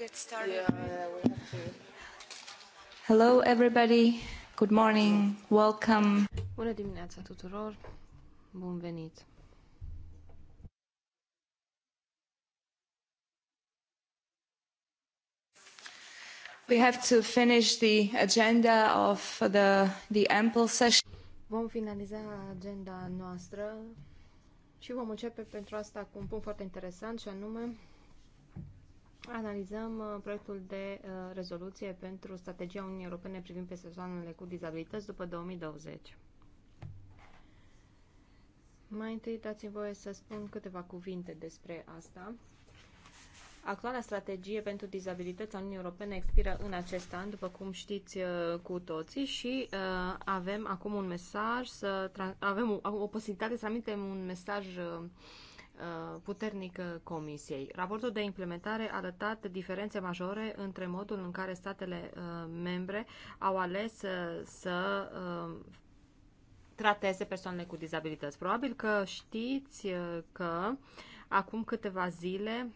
get started. Yeah, yeah, Hello everybody. Good morning. Welcome. Bună dimineața tuturor. Bun venit. We have to finish the agenda of the the ample session. Vom finaliza agenda noastră și vom începe pentru asta cu un punct foarte interesant și anume analizăm uh, proiectul de uh, rezoluție pentru strategia Uniunii Europene privind persoanele cu dizabilități după 2020. Mai întâi dați-mi voie să spun câteva cuvinte despre asta. Actuala strategie pentru dizabilități a Uniunii Europene expiră în acest an, după cum știți uh, cu toții, și uh, avem acum un mesaj, să avem o, o posibilitate să amintem un mesaj uh, Uh, puternică Comisiei. Raportul de implementare a arătat diferențe majore între modul în care statele uh, membre au ales uh, să trateze persoanele cu dizabilități. Probabil că știți că acum câteva zile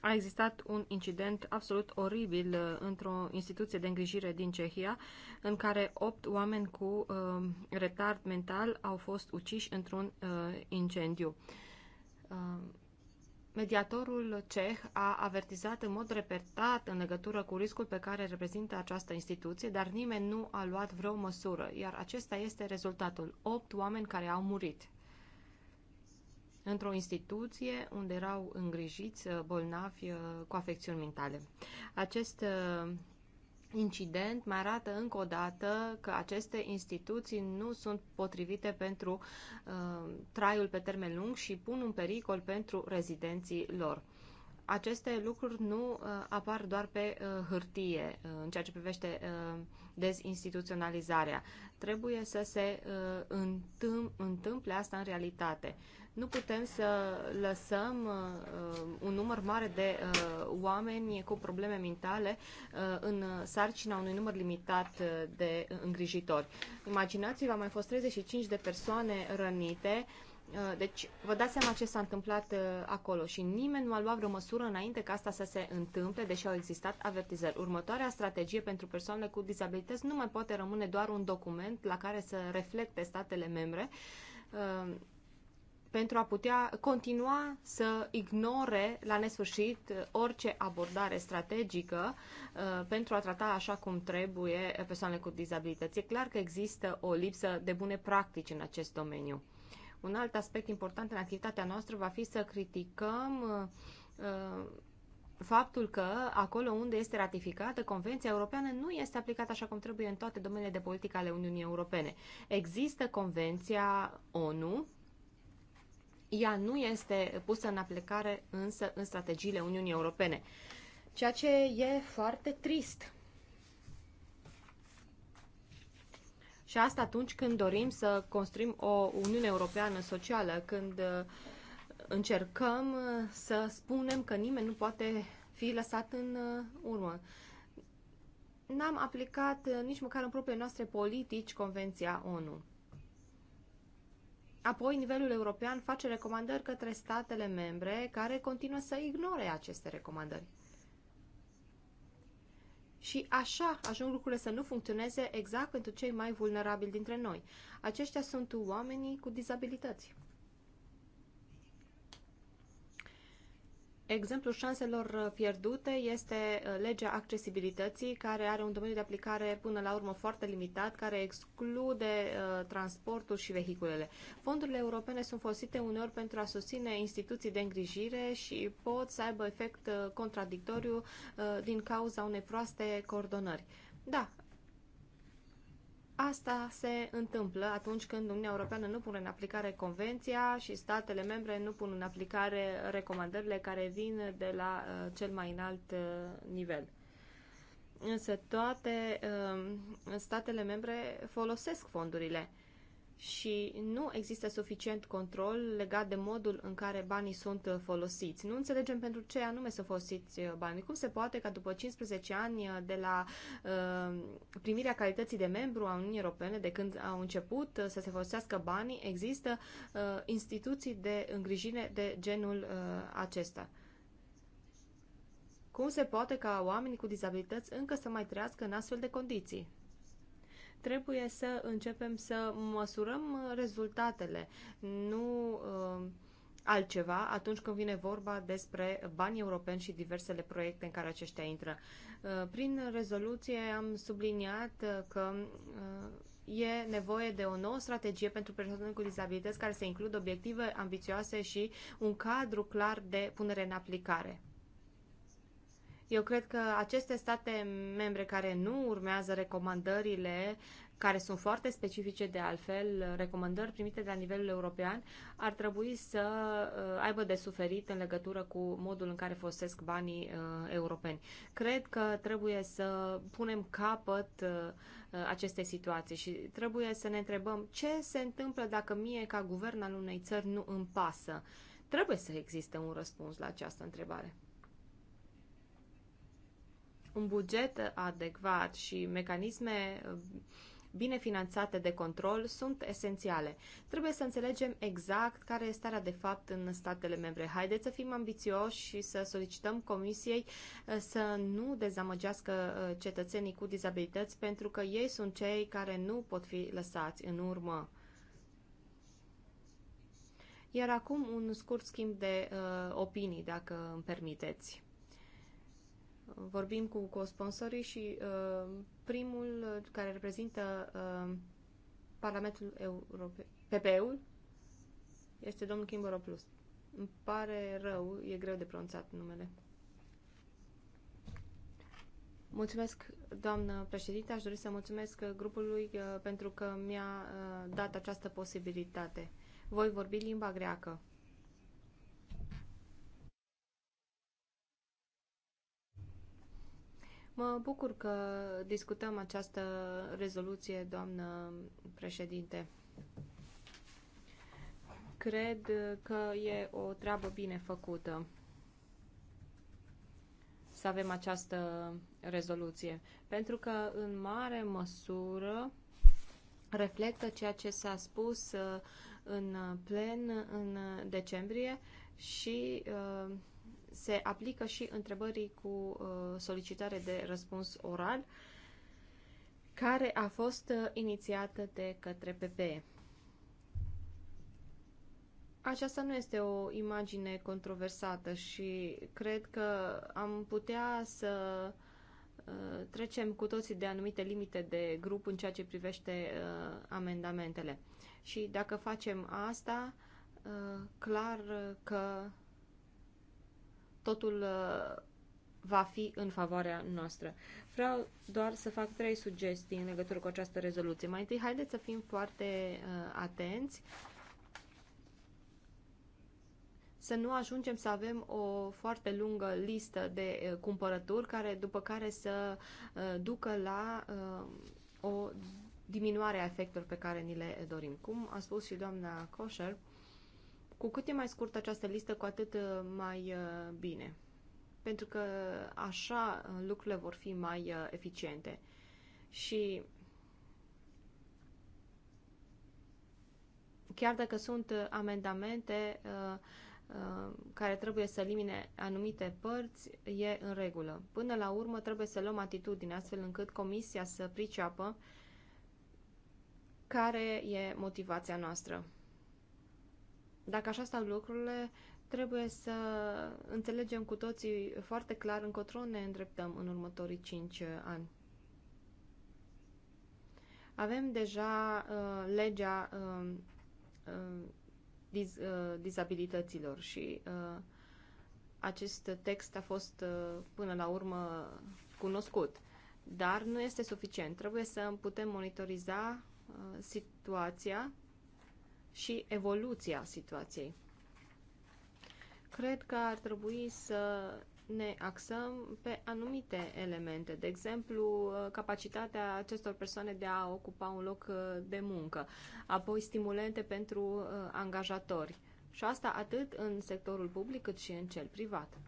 a existat un incident absolut oribil într-o instituție de îngrijire din Cehia, în care opt oameni cu uh, retard mental au fost uciși într-un uh, incendiu. Uh, Um, mediatorul ceh a avertizat în mod repetat în legătură cu riscul pe care reprezintă această instituție, dar nimeni nu a luat vreo măsură, iar acesta este rezultatul. Opt oameni care au murit într-o instituție unde erau îngrijiți uh, bolnavi uh, cu afecțiuni mentale. Acest uh, incident mai arată încă o dată că aceste instituții nu sunt potrivite pentru uh, traiul pe termen lung și pun un pericol pentru rezidenții lor. Aceste lucruri nu uh, apar doar pe uh, hârtie uh, în ceea ce privește uh, dezinstituționalizarea. Trebuie să se uh, întâm- întâmple asta în realitate. Uh, nu putem să lăsăm uh, uh, un număr mare de uh, oameni cu probleme mentale în sarcina unui număr limitat de îngrijitori. Imaginați-vă, au mai fost 35 de persoane rănite deci, vă dați seama ce s-a întâmplat acolo și nimeni nu a luat vreo măsură înainte ca asta să se întâmple, deși au existat avertizări. Următoarea strategie pentru persoanele cu dizabilități nu mai poate rămâne doar un document la care să reflecte statele membre, pentru a putea continua să ignore la nesfârșit orice abordare strategică uh, pentru a trata așa cum trebuie persoanele cu dizabilități. E clar că există o lipsă de bune practici în acest domeniu. Un alt aspect important în activitatea noastră va fi să criticăm uh, uh, faptul că acolo unde este ratificată Convenția Europeană nu este aplicată așa cum trebuie în toate domeniile de politică ale Uniunii Europene. Există Convenția ONU ea nu este pusă în aplicare însă în strategiile Uniunii Europene, ceea ce e foarte trist. Și asta atunci când dorim să construim o Uniune Europeană socială, când uh, încercăm uh, să spunem că nimeni nu poate fi lăsat în uh, urmă. N-am aplicat nici măcar în propriile noastre politici Convenția ONU. Apoi, nivelul european face recomandări către statele membre care continuă să ignore aceste recomandări. Și așa ajung lucrurile să nu funcționeze exact pentru cei mai vulnerabili dintre noi. Aceștia sunt oamenii cu dizabilități. Exemplul șanselor pierdute este uh, legea accesibilității, care are un domeniu de aplicare până la urmă foarte limitat, care exclude uh, transportul și vehiculele. Fondurile europene sunt folosite uneori pentru a susține instituții de îngrijire și pot să aibă efect uh, contradictoriu uh, din cauza unei proaste coordonări. Da, Asta se întâmplă atunci când Uniunea Europeană nu pune în aplicare convenția și statele membre nu pun în aplicare recomandările care vin de la uh, cel mai înalt uh, nivel. Însă toate uh, statele membre folosesc fondurile și nu există suficient control legat de modul în care banii sunt uh, folosiți. Nu înțelegem pentru ce anume să folosiți uh, banii. Cum se poate ca după 15 ani uh, de la uh, primirea calității de membru a Uniunii Europene, de când au început să se folosească banii, există uh, instituții de îngrijire de genul uh, acesta? Cum se poate ca oamenii cu dizabilități încă să mai trăiască în astfel de condiții? trebuie să începem să măsurăm rezultatele, nu uh, altceva atunci când vine vorba despre bani europeni și diversele proiecte în care aceștia intră. Uh, prin rezoluție am subliniat uh, că e nevoie de o nouă strategie pentru persoane cu dizabilități care să includă obiective ambițioase și un cadru clar de punere în aplicare. Eu cred că aceste state membre care nu urmează recomandările care sunt foarte specifice de altfel, recomandări primite de la nivelul european, ar trebui să uh, aibă de suferit în legătură cu modul în care folosesc banii uh, europeni. Cred că trebuie să punem capăt uh, aceste situații și trebuie să ne întrebăm ce se întâmplă dacă mie ca guvern al unei țări nu îmi pasă. Trebuie să existe un răspuns la această întrebare un buget adecvat și mecanisme uh, bine finanțate de control sunt esențiale. Trebuie să înțelegem exact care e starea de fapt în statele membre. Haideți să fim ambițioși și să solicităm Comisiei uh, să nu dezamăgească uh, cetățenii cu dizabilități pentru că ei sunt cei care nu pot fi lăsați în urmă. Iar acum un scurt schimb de uh, opinii, dacă îmi permiteți vorbim cu, co sponsorii și uh, primul care reprezintă uh, Parlamentul Europei PP-ul, este domnul Kimboro Plus. Îmi pare rău, e greu de pronunțat numele. Mulțumesc, doamnă președinte. Aș dori să mulțumesc grupului uh, pentru că mi-a uh, dat această posibilitate. Voi vorbi limba greacă. Mă bucur că discutăm această rezoluție, doamnă președinte. Cred că e o treabă bine făcută să avem această rezoluție, pentru că în mare măsură reflectă ceea ce s-a spus uh, în plen în decembrie și uh, se aplică și întrebării cu uh, solicitare de răspuns oral, care a fost uh, inițiată de către PPE. Aceasta nu este o imagine controversată și cred că am putea să uh, trecem cu toții de anumite limite de grup în ceea ce privește amendamentele. Și dacă facem asta, clar că totul uh, va fi în favoarea noastră. Vreau doar să fac trei sugestii în legătură cu această rezoluție. Mai întâi, haideți să fim foarte uh, atenți să nu ajungem să avem o foarte lungă listă de uh, cumpărături care după care să ducă la o diminuare a efectelor pe care ni le dorim. Cum a spus și doamna Kosher, cu cât e mai scurtă această listă, cu atât uh, mai uh, bine. Pentru că așa uh, lucrurile vor fi mai eficiente. Și chiar dacă sunt amendamente care trebuie să elimine anumite părți, e în regulă. Până la urmă trebuie să luăm atitudine astfel încât comisia să priceapă care e motivația noastră. Dacă așa stau lucrurile, trebuie să înțelegem cu toții foarte clar încotro ne îndreptăm în următorii 5 uh, ani. Avem deja uh, legea uh, uh, diz, uh, dizabilităților și uh, acest text a fost uh, până la urmă cunoscut, dar nu este suficient. Trebuie să putem monitoriza uh, situația și evoluția situației. Cred că ar trebui să ne axăm pe anumite elemente, de exemplu, capacitatea acestor persoane de a ocupa un loc uh, de muncă, apoi stimulente pentru uh, angajatori. Și asta atât în sectorul public cât și în cel privat.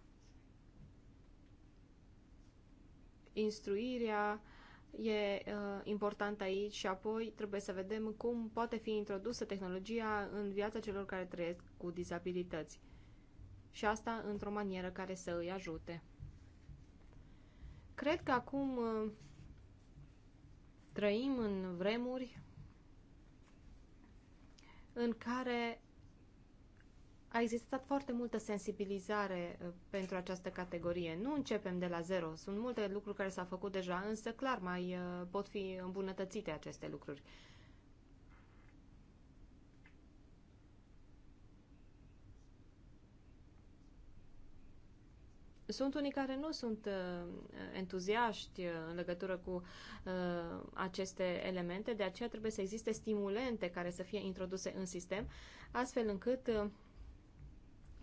Instruirea, e uh, important aici și apoi trebuie să vedem cum poate fi introdusă tehnologia în viața celor care trăiesc cu dizabilități. Și asta într-o manieră care să îi ajute. Cred că acum uh, trăim în vremuri în care a existat foarte multă sensibilizare uh, pentru această categorie. Nu începem de la zero. Sunt multe lucruri care s-au făcut deja, însă clar mai uh, pot fi îmbunătățite aceste lucruri. Sunt unii care nu sunt uh, entuziaști uh, în legătură cu uh, aceste elemente, de aceea trebuie să existe stimulente care să fie introduse în sistem, astfel încât uh,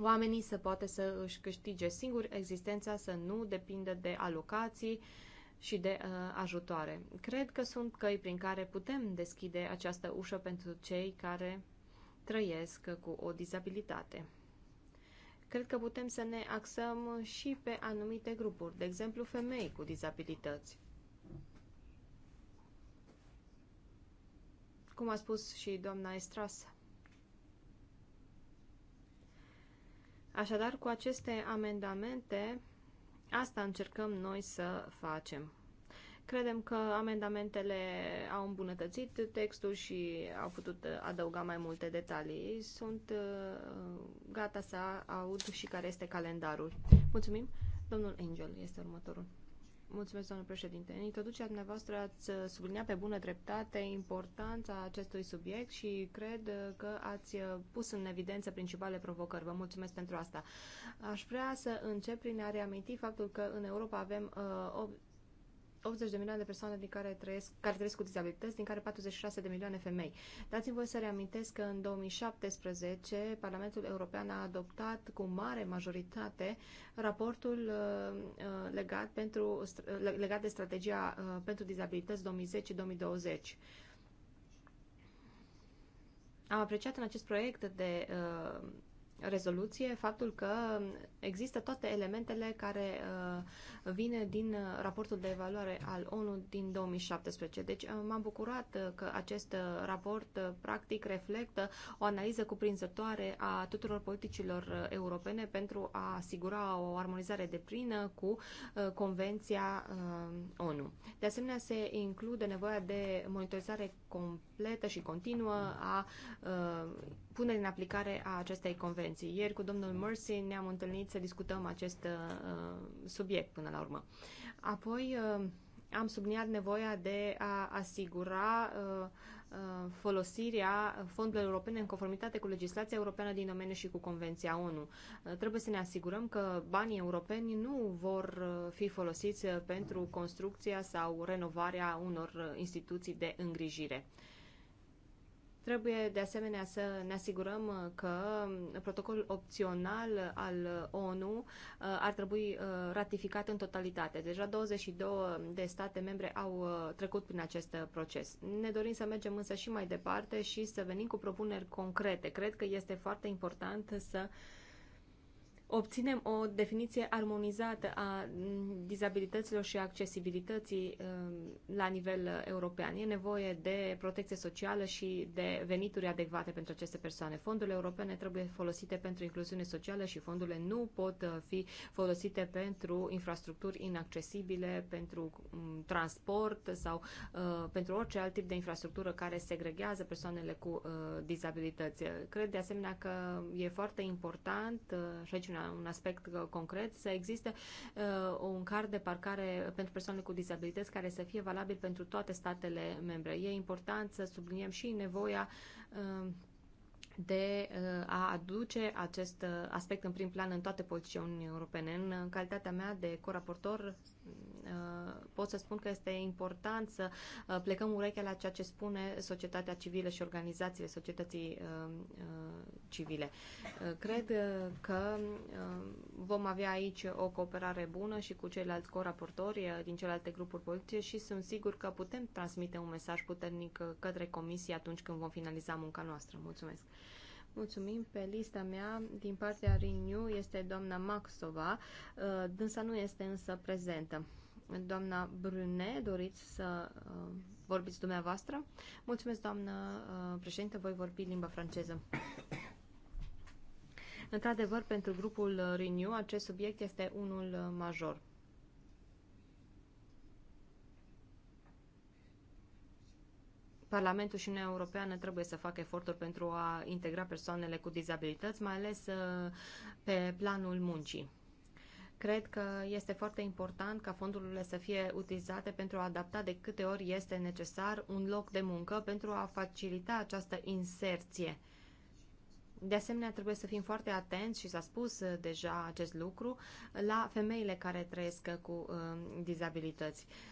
oamenii să poată să își câștige singuri existența, să nu depindă de alocații și de uh, ajutoare. Cred că sunt căi prin care putem deschide această ușă pentru cei care trăiesc cu o dizabilitate. Cred că putem să ne axăm și pe anumite grupuri, de exemplu femei cu dizabilități. Cum a spus și doamna Estrasa Așadar, cu aceste amendamente, asta încercăm noi să facem. Credem că amendamentele au îmbunătățit textul și au putut adăuga mai multe detalii. Sunt uh, gata să aud și care este calendarul. Mulțumim. Domnul Angel este următorul. Mulțumesc, domnule președinte. În introducerea dumneavoastră ați uh, subliniat pe bună dreptate importanța acestui subiect și cred uh, că ați uh, pus în evidență principale provocări. Vă mulțumesc pentru asta. Aș vrea să încep prin a reaminti faptul că în Europa avem uh, 80 de milioane de persoane din care trăiesc, care trăiesc cu dizabilități, din care 46 de milioane femei. Dați-mi voi să reamintesc că în 2017 Parlamentul European a adoptat cu mare majoritate raportul uh, uh legat, pentru, uh, legat de strategia uh, pentru dizabilități 2010-2020. Am apreciat în acest proiect de uh, rezoluție faptul că există toate elementele care uh, vine din uh, raportul de evaluare al ONU din 2017. Deci uh, m-am bucurat că acest raport practic reflectă o analiză cuprinzătoare a tuturor politicilor europene pentru a asigura o armonizare de plină cu Convenția ONU. De asemenea, se include nevoia de monitorizare completă și continuă a punere în aplicare a acestei convenții. Ieri cu domnul Mercy ne-am întâlnit să discutăm acest uh, subiect până la urmă. Apoi uh, am subliniat nevoia de a asigura uh, uh folosirea fondurilor europene în conformitate cu legislația europeană din domeniu și cu Convenția ONU. Uh, trebuie să ne asigurăm că banii europeni nu vor uh, fi folosiți pentru construcția sau renovarea unor instituții de îngrijire. Trebuie de asemenea să ne asigurăm uh, că protocolul opțional al uh, ONU uh, ar trebui ratificat în totalitate. Deja 22 de state membre au trecut prin acest proces. Ne dorim să mergem însă și mai departe și să venim cu propuneri concrete. Cred că este foarte important să obținem o definiție armonizată a mm, dizabilităților și accesibilității mm, la nivel uh, european. E nevoie de protecție socială și de venituri adecvate pentru aceste persoane. Fondurile europene trebuie folosite pentru incluziune socială și fondurile nu pot uh, fi folosite pentru infrastructuri inaccesibile, pentru mm, transport sau uh, pentru orice alt tip de infrastructură care segregează persoanele cu dizabilități. Cred de asemenea că e foarte important și aici un aspect uh, concret, să existe uh, un card de parcare pentru persoanele cu dizabilități care să fie valabil pentru toate statele membre. E important să subliniem și nevoia uh, de a aduce acest aspect în prim plan în toate politicile Uniunii Europene. În calitatea mea de coraportor Uh, pot să spun că este important să uh, plecăm urechea la ceea ce spune societatea civilă și organizațiile societății uh, civile. Cred că vom avea aici o cooperare bună și cu ceilalți coraportori din celelalte grupuri politice și sunt sigur că putem transmite un mesaj puternic către comisie atunci când vom finaliza munca noastră. Mulțumesc! Mulțumim. Pe lista mea, din partea Renew, este doamna Maxova. Uh, dânsa nu este însă prezentă. Doamna Brune, doriți să uh, vorbiți dumneavoastră? Mulțumesc, doamnă uh, președinte. Voi vorbi limba franceză. Într-adevăr, pentru grupul Renew, acest subiect este unul major. Parlamentul și Uniunea Europeană trebuie să facă eforturi pentru a integra persoanele cu dizabilități, mai ales uh, pe planul muncii. Cred că este foarte important ca fondurile să fie utilizate pentru a adapta de câte ori este necesar un loc de muncă pentru a facilita această inserție. De asemenea, trebuie să fim foarte atenți și s-a spus uh, deja acest lucru la femeile care trăiesc cu uh, dizabilități. Uh,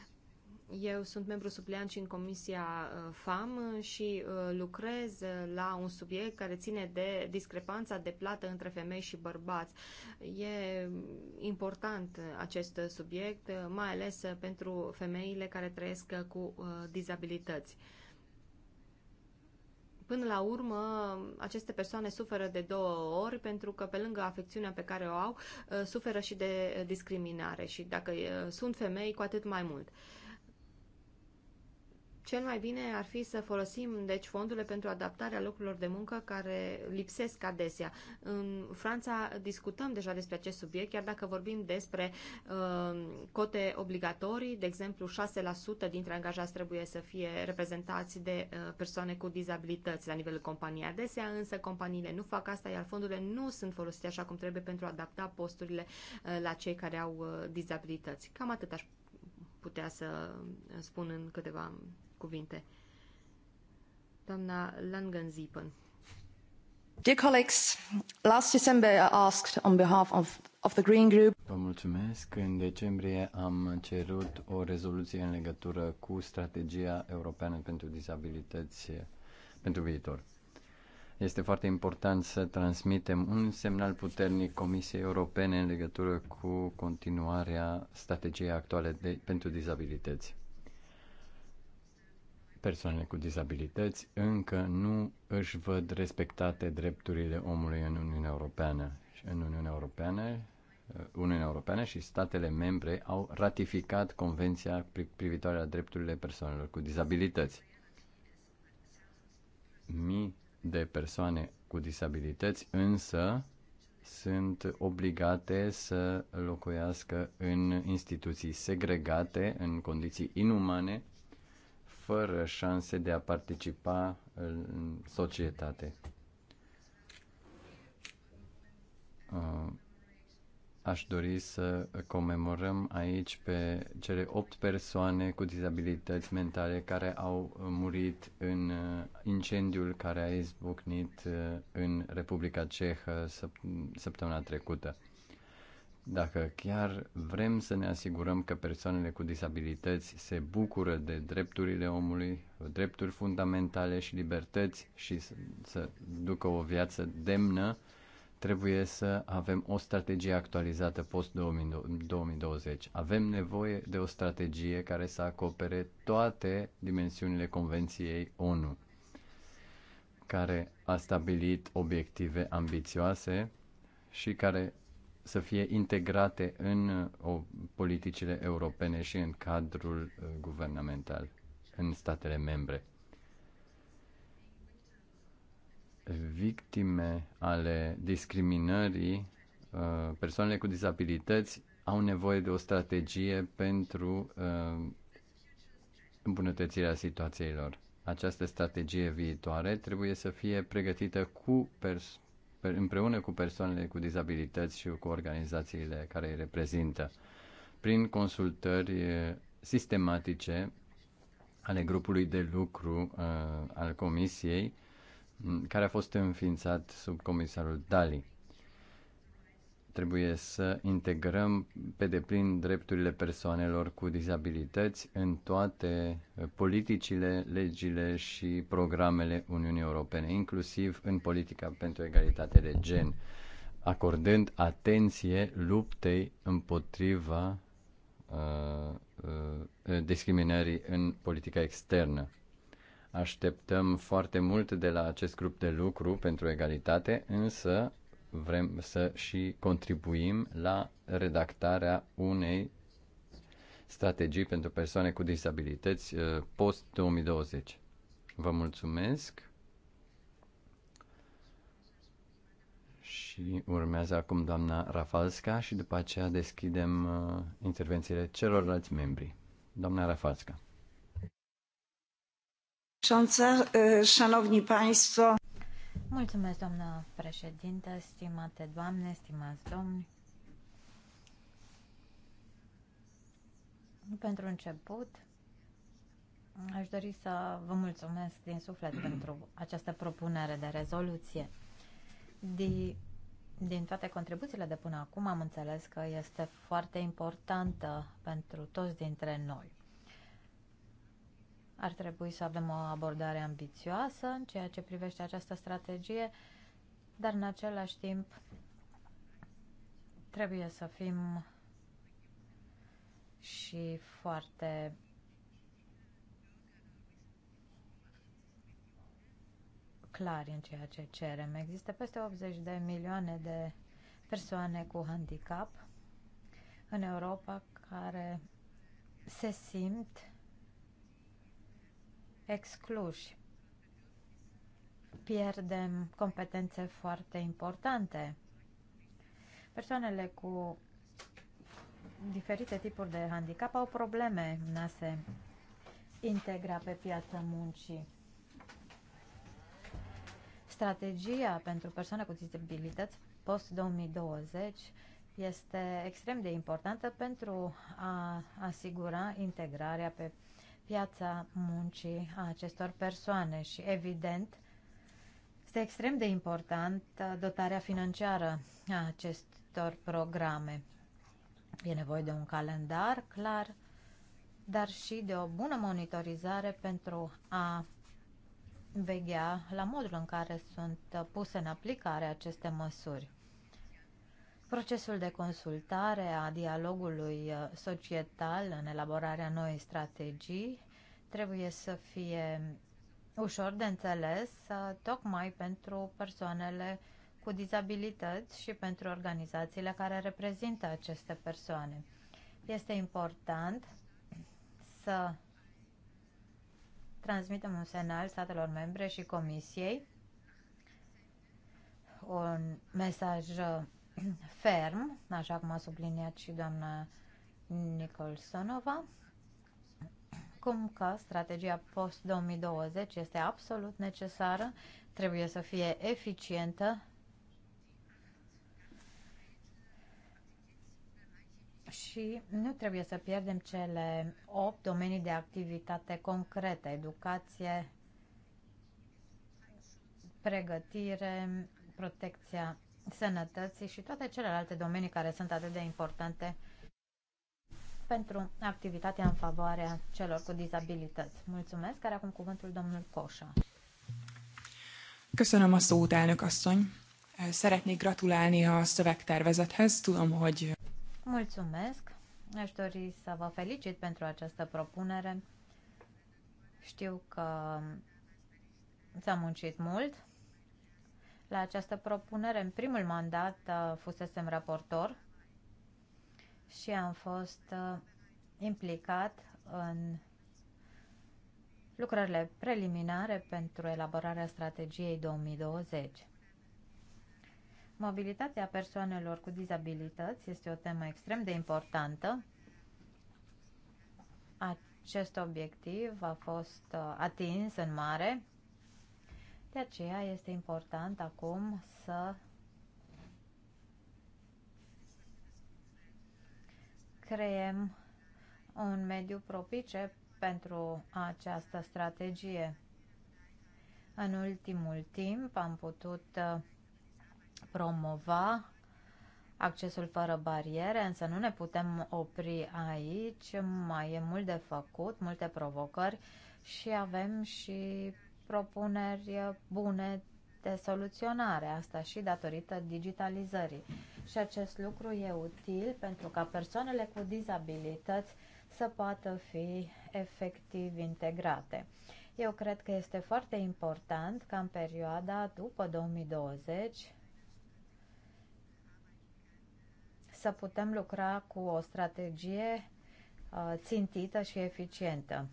eu sunt membru supleant și în Comisia uh, FAM și uh, lucrez la un subiect care ține de discrepanța de plată între femei și bărbați. E important acest subiect, uh, mai ales pentru femeile care trăiesc cu dizabilități. Până la urmă, aceste persoane suferă de două ori pentru că pe lângă afecțiunea pe care o au, suferă și de discriminare și dacă sunt femei, cu atât mai mult. Cel mai bine ar fi să folosim deci fondurile pentru adaptarea locurilor de muncă care lipsesc adesea. În Franța discutăm deja despre acest subiect, chiar dacă vorbim despre uh, cote obligatorii, de exemplu 6% dintre angajați trebuie să fie reprezentați de uh, persoane cu dizabilități la nivelul companiei. Adesea însă companiile nu fac asta, iar fondurile nu sunt folosite așa cum trebuie pentru a adapta posturile uh, la cei care au uh, dizabilități. Cam atât aș putea să uh, spun în câteva cuvinte. Doamna Langenzipen. Dear colleagues, last December I asked on behalf of, of the Green Group. Vă mulțumesc. În decembrie am cerut o rezoluție în legătură cu strategia europeană pentru dizabilități pentru viitor. Este foarte important să transmitem un semnal puternic Comisiei Europene în legătură cu continuarea strategiei actuale de, pentru dizabilități persoanele cu dizabilități încă nu își văd respectate drepturile omului în Uniunea Europeană. În Uniunea Europeană, uh, Uniunea Europeană și statele membre au ratificat Convenția privitoare la drepturile persoanelor cu dizabilități. Mii de persoane cu disabilități însă sunt obligate să locuiască în instituții segregate, în condiții inumane, fără șanse de a participa în societate. Uh, aș dori să comemorăm aici pe cele opt persoane cu dizabilități mentale care au murit în uh, incendiul care a izbucnit uh, în Republica Cehă săptămâna trecută dacă chiar vrem să ne asigurăm că persoanele cu disabilități se bucură de drepturile omului, drepturi fundamentale și libertăți și să, să ducă o viață demnă, trebuie să avem o strategie actualizată post-2020. Avem nevoie de o strategie care să acopere toate dimensiunile Convenției ONU, care a stabilit obiective ambițioase și care să fie integrate în o, politicile europene și în cadrul uh, guvernamental în statele membre. Victime ale discriminării, uh, persoanele cu dizabilități au nevoie de o strategie pentru uh, îmbunătățirea situațiilor. Această strategie viitoare trebuie să fie pregătită cu împreună cu persoanele cu dizabilități și cu organizațiile care îi reprezintă, prin consultări eh, sistematice ale grupului de lucru eh, al Comisiei, care a fost înființat sub comisarul Dali. Trebuie să integrăm pe deplin drepturile persoanelor cu dizabilități în toate uh, politicile, legile și programele Uniunii Europene, inclusiv în politica pentru egalitate de gen, acordând atenție luptei împotriva uh, uh, discriminării în politica externă. Așteptăm foarte mult de la acest grup de lucru pentru egalitate, însă vrem să și contribuim la redactarea unei strategii pentru persoane cu disabilități uh, post-2020. Vă mulțumesc și urmează acum doamna Rafalska și după aceea deschidem uh, intervențiile celorlalți membri. Doamna Rafalska. Szanowni uh, Państwo, Mulțumesc, doamnă președintă, stimate doamne, stimați domni. Pentru început, aș dori să vă mulțumesc din suflet pentru această propunere de rezoluție. Din, din toate contribuțiile de până acum am înțeles că este foarte importantă pentru toți dintre noi. Ar trebui să avem o abordare ambițioasă în ceea ce privește această strategie, dar în același timp trebuie să fim și foarte clari în ceea ce cerem. Există peste 80 de milioane de persoane cu handicap în Europa care se simt excluși. Pierdem competențe foarte importante. Persoanele cu diferite tipuri de handicap au probleme în a se integra pe piața muncii. Strategia pentru persoane cu dizabilități post-2020 este extrem de importantă pentru a asigura integrarea pe piața muncii a acestor persoane și, evident, este extrem de important dotarea financiară a acestor programe. E nevoie de un calendar clar, dar și de o bună monitorizare pentru a veghea la modul în care sunt puse în aplicare aceste măsuri. Procesul de consultare a dialogului uh, societal în elaborarea noii strategii trebuie să fie ușor de înțeles, uh, tocmai pentru persoanele cu dizabilități și pentru organizațiile care reprezintă aceste persoane. Este important să transmitem un semnal statelor membre și Comisiei, un mesaj uh, ferm, așa cum a subliniat și doamna Nicholsonova, cum că strategia post-2020 este absolut necesară, trebuie să fie eficientă și nu trebuie să pierdem cele 8 domenii de activitate concrete, educație, pregătire, protecția sănătății și toate celelalte domenii care sunt atât de importante pentru activitatea în favoarea celor cu dizabilități. Mulțumesc, care acum cuvântul domnul Coșa. Köszönöm a szót, elnök asszony. Szeretnék gratulálni a szövegtervezethez. Tudom, hogy... Mulțumesc. Aș dori să vă felicit pentru această propunere. Știu că s-a muncit mult la această propunere. În primul mandat uh, fusesem raportor și am fost uh, implicat în lucrările preliminare pentru elaborarea strategiei 2020. Mobilitatea persoanelor cu dizabilități este o temă extrem de importantă. Acest obiectiv a fost uh, atins în mare de aceea este important acum să creem un mediu propice pentru această strategie. În ultimul timp am putut uh, promova accesul fără bariere, însă nu ne putem opri aici, mai e mult de făcut, multe provocări și avem și propuneri eh, bune de soluționare, asta și datorită digitalizării. Și acest lucru e util pentru ca persoanele cu dizabilități să poată fi efectiv integrate. Eu cred că este foarte important ca în perioada după 2020 să putem lucra cu o strategie eh, țintită și eficientă.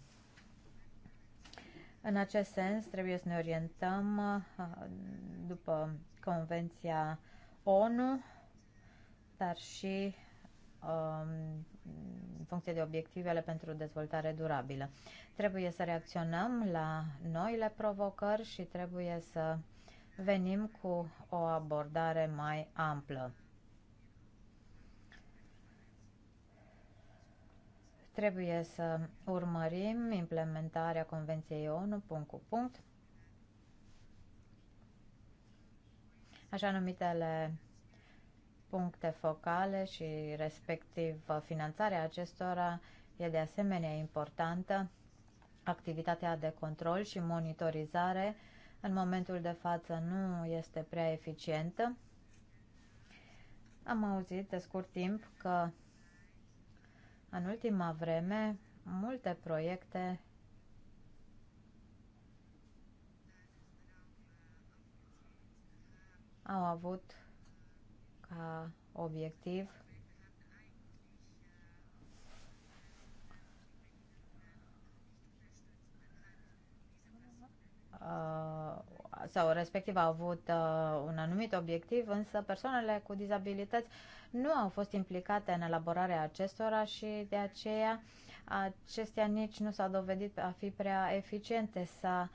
În acest sens, trebuie să ne orientăm uh, după Convenția ONU, dar și um, în funcție de obiectivele pentru dezvoltare durabilă. Trebuie să reacționăm la noile provocări și trebuie să venim cu o abordare mai amplă. Trebuie să urmărim implementarea Convenției ONU punct cu punct, așa numitele puncte focale și respectiv finanțarea acestora e de asemenea importantă. Activitatea de control și monitorizare în momentul de față nu este prea eficientă. Am auzit de scurt timp că în ultima vreme, multe proiecte au avut ca obiectiv uh, sau respectiv au avut uh, un anumit obiectiv, însă persoanele cu dizabilități nu au fost implicate în elaborarea acestora și de aceea acestea nici nu s-au dovedit a fi prea eficiente. S-a,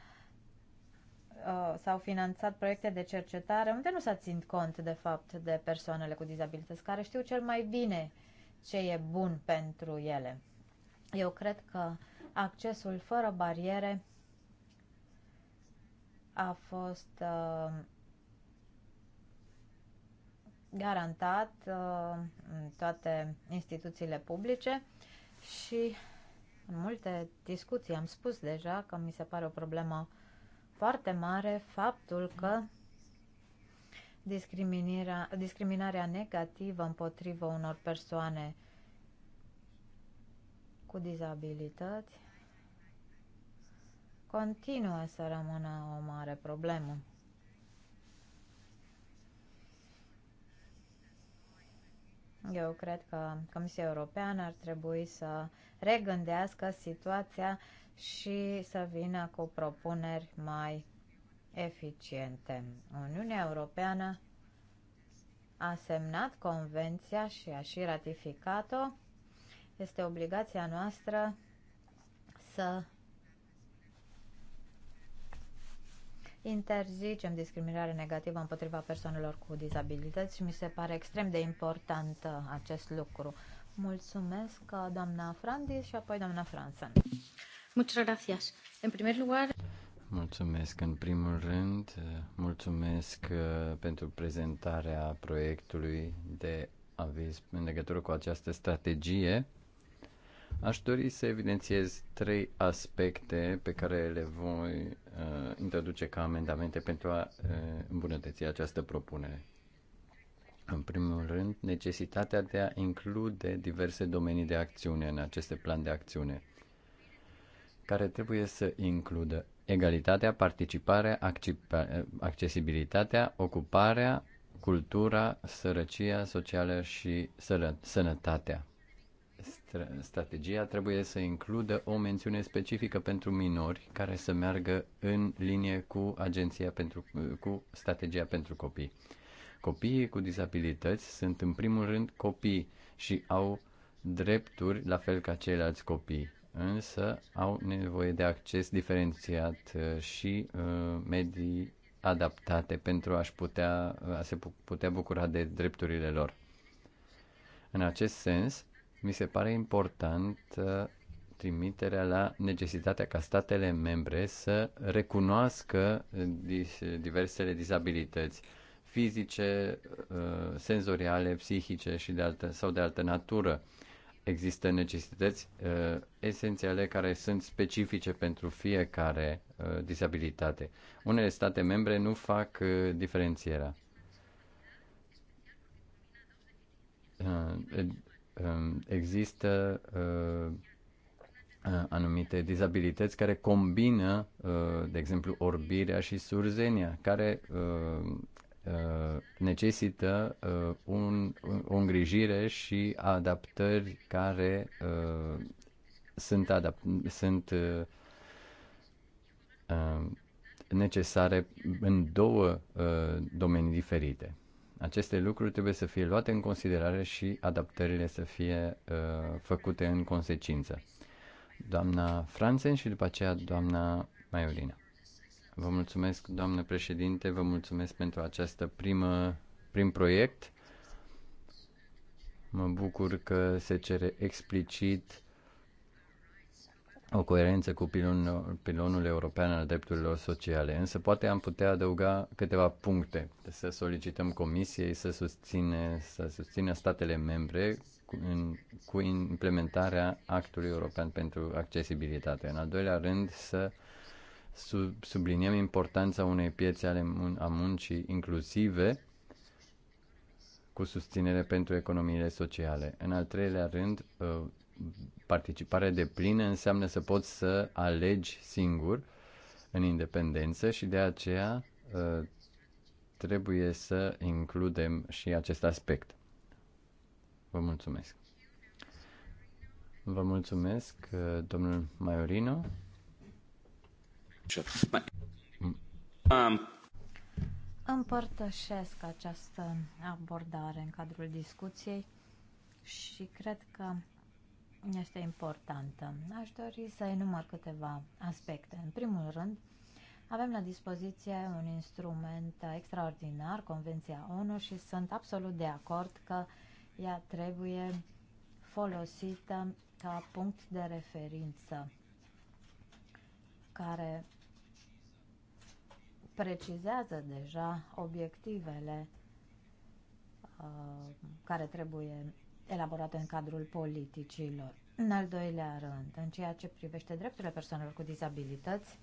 uh, s-au finanțat proiecte de cercetare unde nu s-a ținut cont de fapt de persoanele cu dizabilități care știu cel mai bine ce e bun pentru ele. Eu cred că accesul fără bariere a fost uh, garantat uh, în toate instituțiile publice și în multe discuții am spus deja că mi se pare o problemă foarte mare faptul că discriminarea, discriminarea negativă împotriva unor persoane cu dizabilități continuă să rămână o mare problemă. Eu cred că Comisia Europeană ar trebui să regândească situația și să vină cu propuneri mai eficiente. Uniunea Europeană a semnat convenția și a și ratificat-o. Este obligația noastră să interzicem discriminarea negativă împotriva persoanelor cu dizabilități și mi se pare extrem de important uh, acest lucru. Mulțumesc, uh, doamna Frandis și apoi doamna Fransen. Muchas În primul lugar... Mulțumesc în primul rând, uh, mulțumesc pentru prezentarea proiectului de aviz în legătură cu această strategie Aș dori să evidențiez trei aspecte pe care le voi uh, introduce ca amendamente pentru a uh, îmbunătăți această propunere. În primul rând, necesitatea de a include diverse domenii de acțiune în aceste plan de acțiune, care trebuie să includă egalitatea, participarea, accesibilitatea, ocuparea, cultura, sărăcia socială și sănătatea strategia trebuie să includă o mențiune specifică pentru minori care să meargă în linie cu agenția pentru cu strategia pentru copii. Copiii cu dizabilități sunt în primul rând copii și au drepturi la fel ca ceilalți copii, însă au nevoie de acces diferențiat uh, și uh, medii adaptate pentru a-și putea, a se putea bucura de drepturile lor. În acest sens, mi se pare important uh, trimiterea la necesitatea ca statele membre să recunoască uh, diversele dizabilități fizice, uh, senzoriale, psihice și de altă, sau de altă natură. Există necesități esențiale care sunt specifice pentru fiecare disabilitate. Unele state membre nu fac diferențierea Ehm, există ehm, anumite dizabilități care combină, ehm, de exemplu, orbirea și surzenia, care necesită un, o îngrijire și adaptări care sunt, adap- sunt necesare în două domenii diferite. Aceste lucruri trebuie să fie luate în considerare și adaptările să fie uh, făcute în consecință. Doamna Franțen și după aceea doamna Maiorina. Vă mulțumesc, doamnă președinte, vă mulțumesc pentru acest prim proiect. Mă bucur că se cere explicit o coerență cu pilonul, pilonul european al drepturilor sociale, însă poate am putea adăuga câteva puncte. Să solicităm comisiei să, susține, să susțină statele membre cu, în, cu implementarea actului european pentru accesibilitate. În al doilea rând, să sub, subliniem importanța unei piețe ale, a muncii inclusive cu susținere pentru economiile sociale. În al treilea rând, uh, participare de plină înseamnă să poți să alegi singur în independență și de aceea uh, trebuie să includem și acest aspect. Vă mulțumesc. Vă mulțumesc, uh, domnul Maiorino. Împărtășesc această abordare în cadrul discuției și cred că este importantă. Aș dori să enumăr câteva aspecte. În primul rând, avem la dispoziție un instrument extraordinar, Convenția ONU, și sunt absolut de acord că ea trebuie folosită ca punct de referință care precizează deja obiectivele uh, care trebuie elaborate în cadrul politicilor. În al doilea rând, în ceea ce privește drepturile persoanelor cu dizabilități,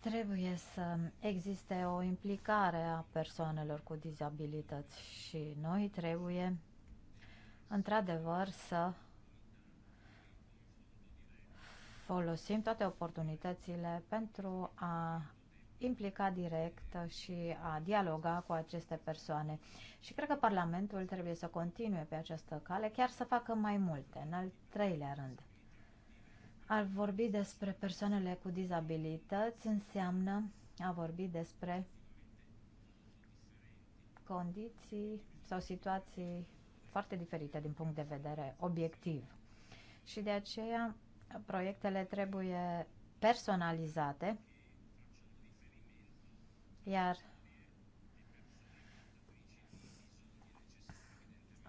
trebuie să existe o implicare a persoanelor cu dizabilități și noi trebuie, într-adevăr, să folosim toate oportunitățile pentru a implica direct și a dialoga cu aceste persoane. Și cred că Parlamentul trebuie să continue pe această cale, chiar să facă mai multe, în al treilea rând. Ar vorbi despre persoanele cu dizabilități înseamnă a vorbi despre condiții sau situații foarte diferite din punct de vedere obiectiv. Și de aceea proiectele trebuie personalizate iar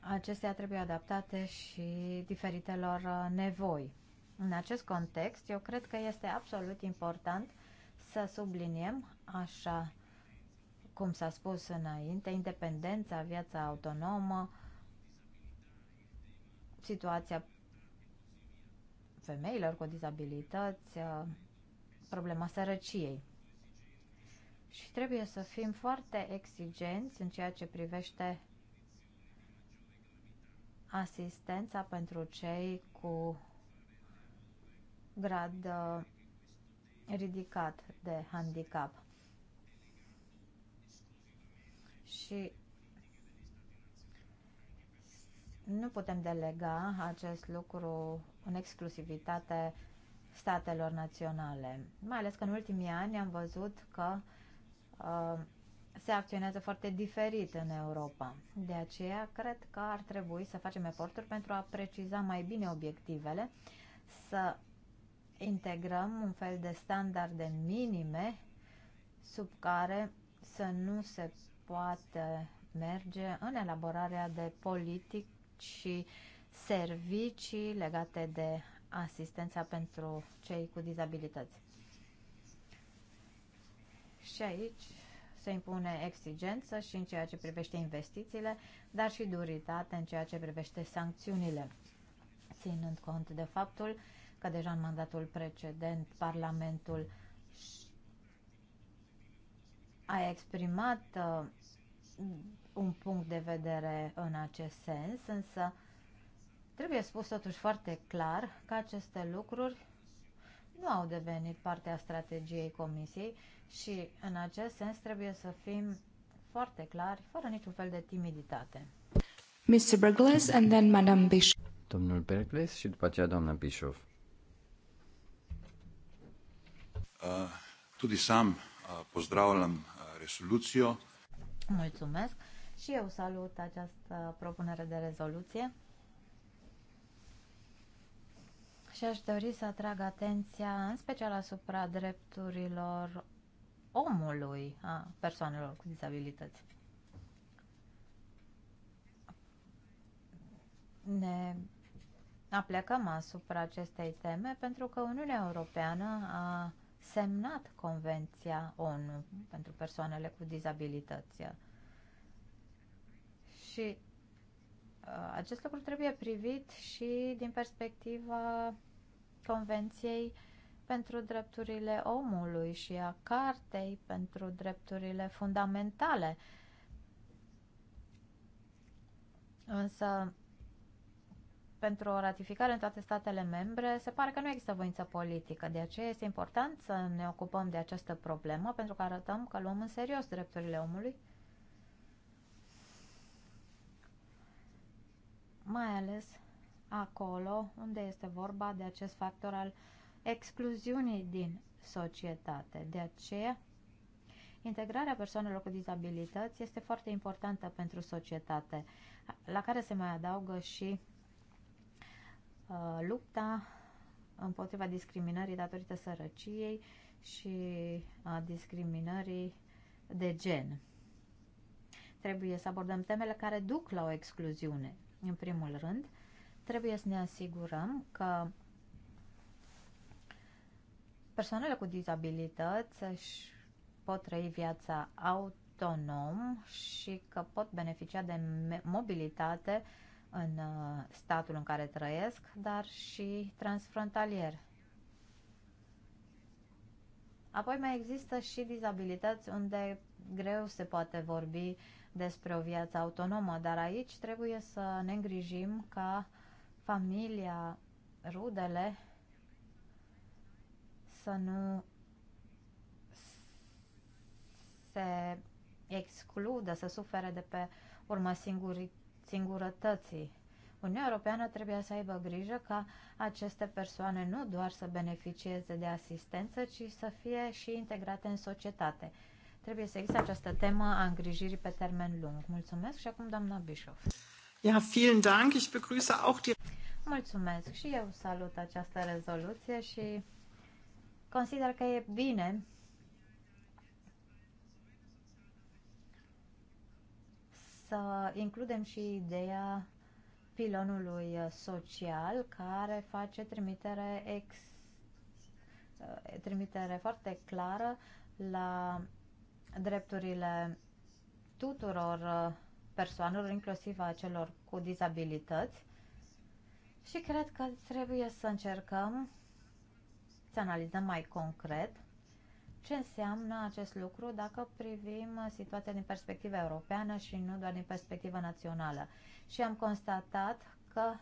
acestea trebuie adaptate și diferitelor nevoi. În acest context, eu cred că este absolut important să subliniem, așa cum s-a spus înainte, independența, viața autonomă, situația femeilor cu dizabilități, problema sărăciei și trebuie să fim foarte exigenți în ceea ce privește asistența pentru cei cu grad uh, ridicat de handicap. Și nu putem delega acest lucru în exclusivitate statelor naționale. Mai ales că în ultimii ani am văzut că uh, Uh, se acționează foarte diferit în Europa. De aceea, cred că ar trebui să facem eforturi pentru a preciza mai bine obiectivele, să integrăm un fel de standarde minime sub care să nu se poate merge în elaborarea de politici și servicii legate de asistența pentru cei cu dizabilități. Și aici se impune exigență și în ceea ce privește investițiile, dar și duritate în ceea ce privește sancțiunile, ținând cont de faptul că deja în mandatul precedent Parlamentul a exprimat uh, un punct de vedere în acest sens, însă trebuie spus totuși foarte clar că aceste lucruri nu au devenit parte a strategiei Comisiei și în acest sens trebuie să fim foarte clari, fără niciun fel de timiditate. Mr. Bergles and then Madame Bishop. Domnul Bergles și după aceea doamna Bishop. Uh, tudi sam uh, uh, resoluțio. Mulțumesc și eu salut această propunere de rezoluție. și aș dori să atrag atenția în special asupra drepturilor omului a persoanelor cu dizabilități. Ne aplecăm asupra acestei teme pentru că Uniunea Europeană a semnat Convenția ONU pentru persoanele cu dizabilități. Și uh, acest lucru trebuie privit și din perspectiva Convenției pentru drepturile omului și a Cartei pentru drepturile fundamentale. Însă, pentru o ratificare în toate statele membre, se pare că nu există voință politică. De aceea este important să ne ocupăm de această problemă, pentru că arătăm că luăm în serios drepturile omului. Mai ales acolo unde este vorba de acest factor al excluziunii din societate. De aceea, integrarea persoanelor cu dizabilități este foarte importantă pentru societate, la care se mai adaugă și uh, lupta împotriva discriminării datorită sărăciei și a discriminării de gen. Trebuie să abordăm temele care duc la o excluziune. În primul rând, Trebuie să ne asigurăm că persoanele cu dizabilități își pot trăi viața autonom și că pot beneficia de mobilitate în uh, statul în care trăiesc, dar și transfrontalier. Apoi mai există și dizabilități unde greu se poate vorbi despre o viață autonomă, dar aici trebuie să ne îngrijim ca uh, familia, rudele, să nu se excludă, să sufere de pe urma singuri, singurătății. Uniunea Europeană trebuie să aibă grijă ca aceste persoane nu doar să beneficieze de asistență, ci să fie și integrate în societate. Trebuie să existe această temă a îngrijirii pe termen lung. Mulțumesc și acum doamna Bischoff. Ja, vielen Dank. Ich begrüße auch die Mulțumesc și eu salut această rezoluție și consider că e bine să includem și ideea pilonului social care face trimitere, ex, eh, trimitere foarte clară la drepturile tuturor eh, persoanelor, inclusiv a celor cu dizabilități, și cred că trebuie să încercăm să analizăm mai concret ce înseamnă acest lucru dacă privim situația din perspectiva europeană și nu doar din perspectiva națională. Și am constatat că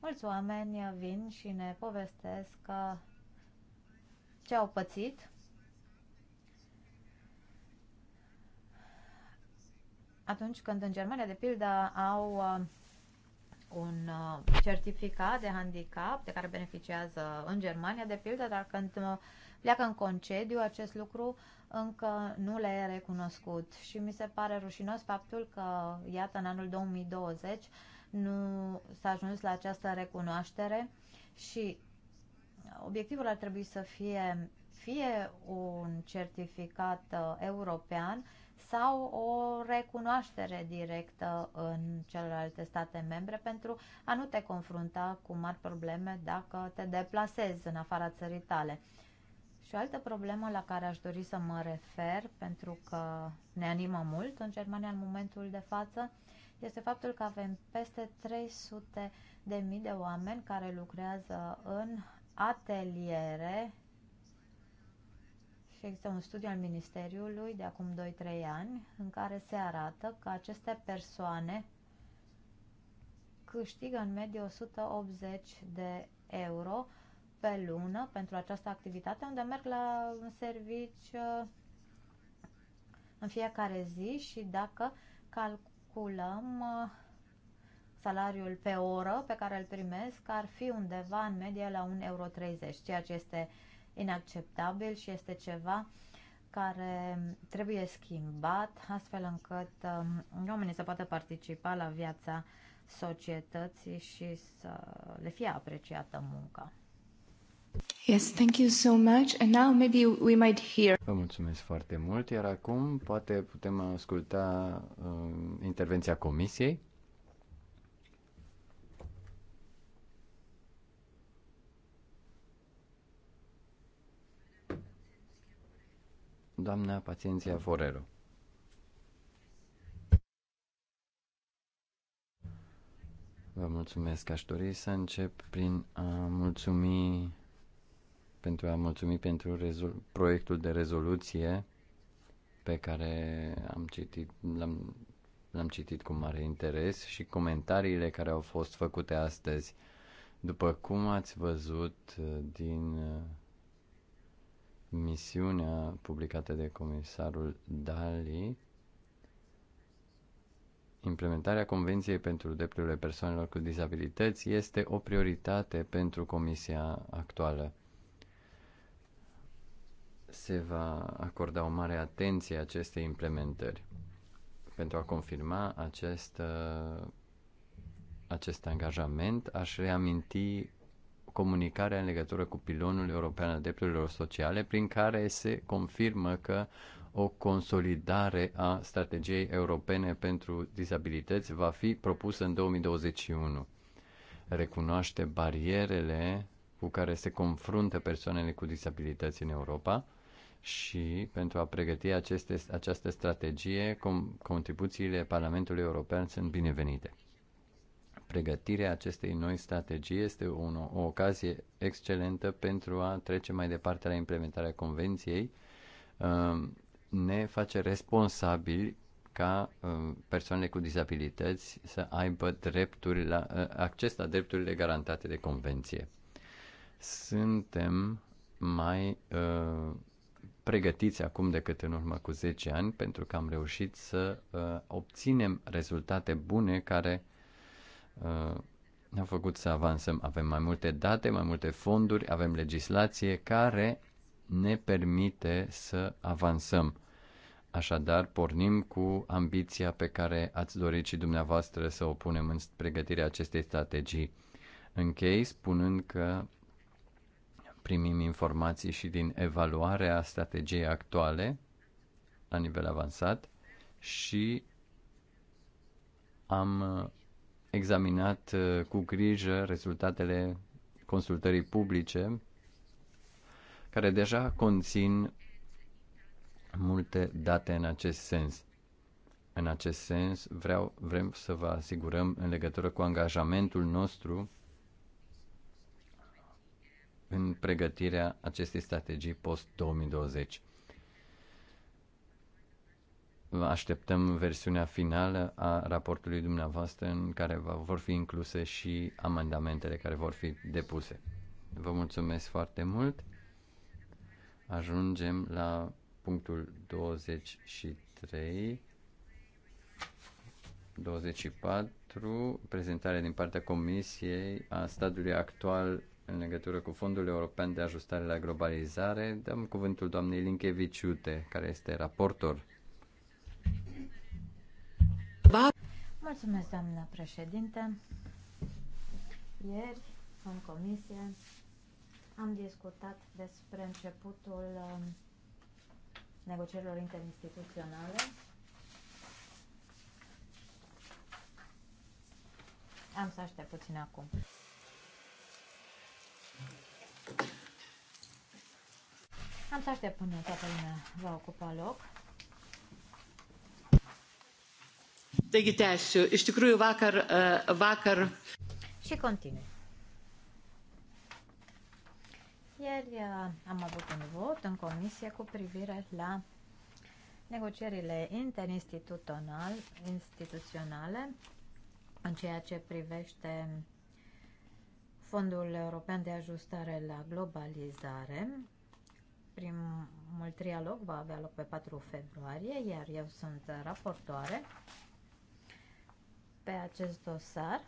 mulți oameni vin și ne povestesc că ce au pățit atunci când în Germania, de pildă, au uh, un uh, certificat de handicap de care beneficiază în Germania, de pildă, dar când uh, pleacă în concediu, acest lucru încă nu le e recunoscut. Și mi se pare rușinos faptul că, iată, în anul 2020 nu s-a ajuns la această recunoaștere și obiectivul ar trebui să fie fie un certificat uh, european, sau o recunoaștere directă în celelalte state membre pentru a nu te confrunta cu mari probleme dacă te deplasezi în afara țării tale. Și o altă problemă la care aș dori să mă refer, pentru că ne animă mult în Germania în momentul de față, este faptul că avem peste 300 de mii de oameni care lucrează în ateliere există un studiu al Ministeriului de acum 2-3 ani în care se arată că aceste persoane câștigă în medie 180 de euro pe lună pentru această activitate, unde merg la un serviciu în fiecare zi și dacă calculăm uh, salariul pe oră pe care îl primesc, ar fi undeva în medie la 1,30 euro, ceea ce este uh, inacceptabil și este ceva care trebuie schimbat astfel încât um, oamenii să poată participa la viața societății și să le fie apreciată munca. Yes, thank you so much. And now maybe we might hear. Vă mulțumesc foarte mult, iar acum poate putem asculta uh, intervenția comisiei. doamna Pacienția Forero. Vă mulțumesc. Aș dori să încep prin a mulțumi pentru a mulțumi pentru rezol- proiectul de rezoluție pe care am citit, l-am, l-am citit cu mare interes și comentariile care au fost făcute astăzi. După cum ați văzut din misiunea publicată de comisarul Dali, implementarea Convenției pentru drepturile persoanelor cu dizabilități este o prioritate pentru comisia actuală. Se va acorda o mare atenție acestei implementări pentru a confirma acest, acest angajament, aș reaminti comunicarea în legătură cu pilonul european al drepturilor sociale, prin care se confirmă că o consolidare a strategiei europene pentru disabilități va fi propusă în 2021. Recunoaște barierele cu care se confruntă persoanele cu disabilități în Europa și pentru a pregăti aceste, această strategie, contribuțiile Parlamentului European sunt binevenite. Pregătirea acestei noi strategii este un, o ocazie excelentă pentru a trece mai departe la implementarea convenției. Um, ne face responsabili ca um, persoanele cu dizabilități să aibă drepturi la, uh, acces la drepturile garantate de convenție. Suntem mai uh, pregătiți acum decât în urmă cu 10 ani pentru că am reușit să uh, obținem rezultate bune care ne-a uh, făcut să avansăm. Avem mai multe date, mai multe fonduri, avem legislație care ne permite să avansăm. Așadar, pornim cu ambiția pe care ați dorit și dumneavoastră să o punem în pregătirea acestei strategii. Închei spunând că primim informații și din evaluarea strategiei actuale la nivel avansat și am uh, examinat uh, cu grijă rezultatele consultării publice, care deja conțin multe date în acest sens. În acest sens, vreau, vrem să vă asigurăm în legătură cu angajamentul nostru în pregătirea acestei strategii post-2020 așteptăm versiunea finală a raportului dumneavoastră în care vor fi incluse și amendamentele care vor fi depuse. Vă mulțumesc foarte mult. Ajungem la punctul 23. 24. Prezentare din partea Comisiei a stadiului actual în legătură cu Fondul European de Ajustare la Globalizare. Dăm cuvântul doamnei Linkeviciute, care este raportor Ba... Mulțumesc, doamnă președinte. Ieri, în comisie, am discutat despre începutul um, negocierilor interinstituționale Am să aștept puțin acum. Am să aștept până toată lumea va ocupa loc. Taigi tęsiu. Iš tikrųjų vakar, vakar. Și continui. Ieri am avut un vot în comisie cu privire la negocierile interinstituționale în ceea ce privește Fondul European de Ajustare la Globalizare. Primul trialog va avea loc pe 4 februarie, iar eu sunt raportoare pe acest dosar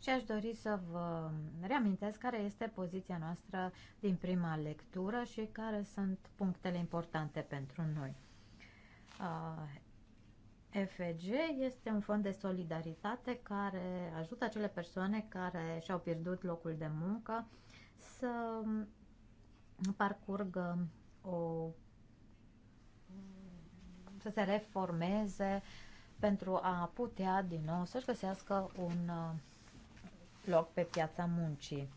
și aș dori să vă reamintesc care este poziția noastră din prima lectură și care sunt punctele importante pentru noi. FG este un fond de solidaritate care ajută acele persoane care și-au pierdut locul de muncă să parcurgă o să se reformeze pentru a putea din nou să-și găsească un uh, loc pe piața muncii.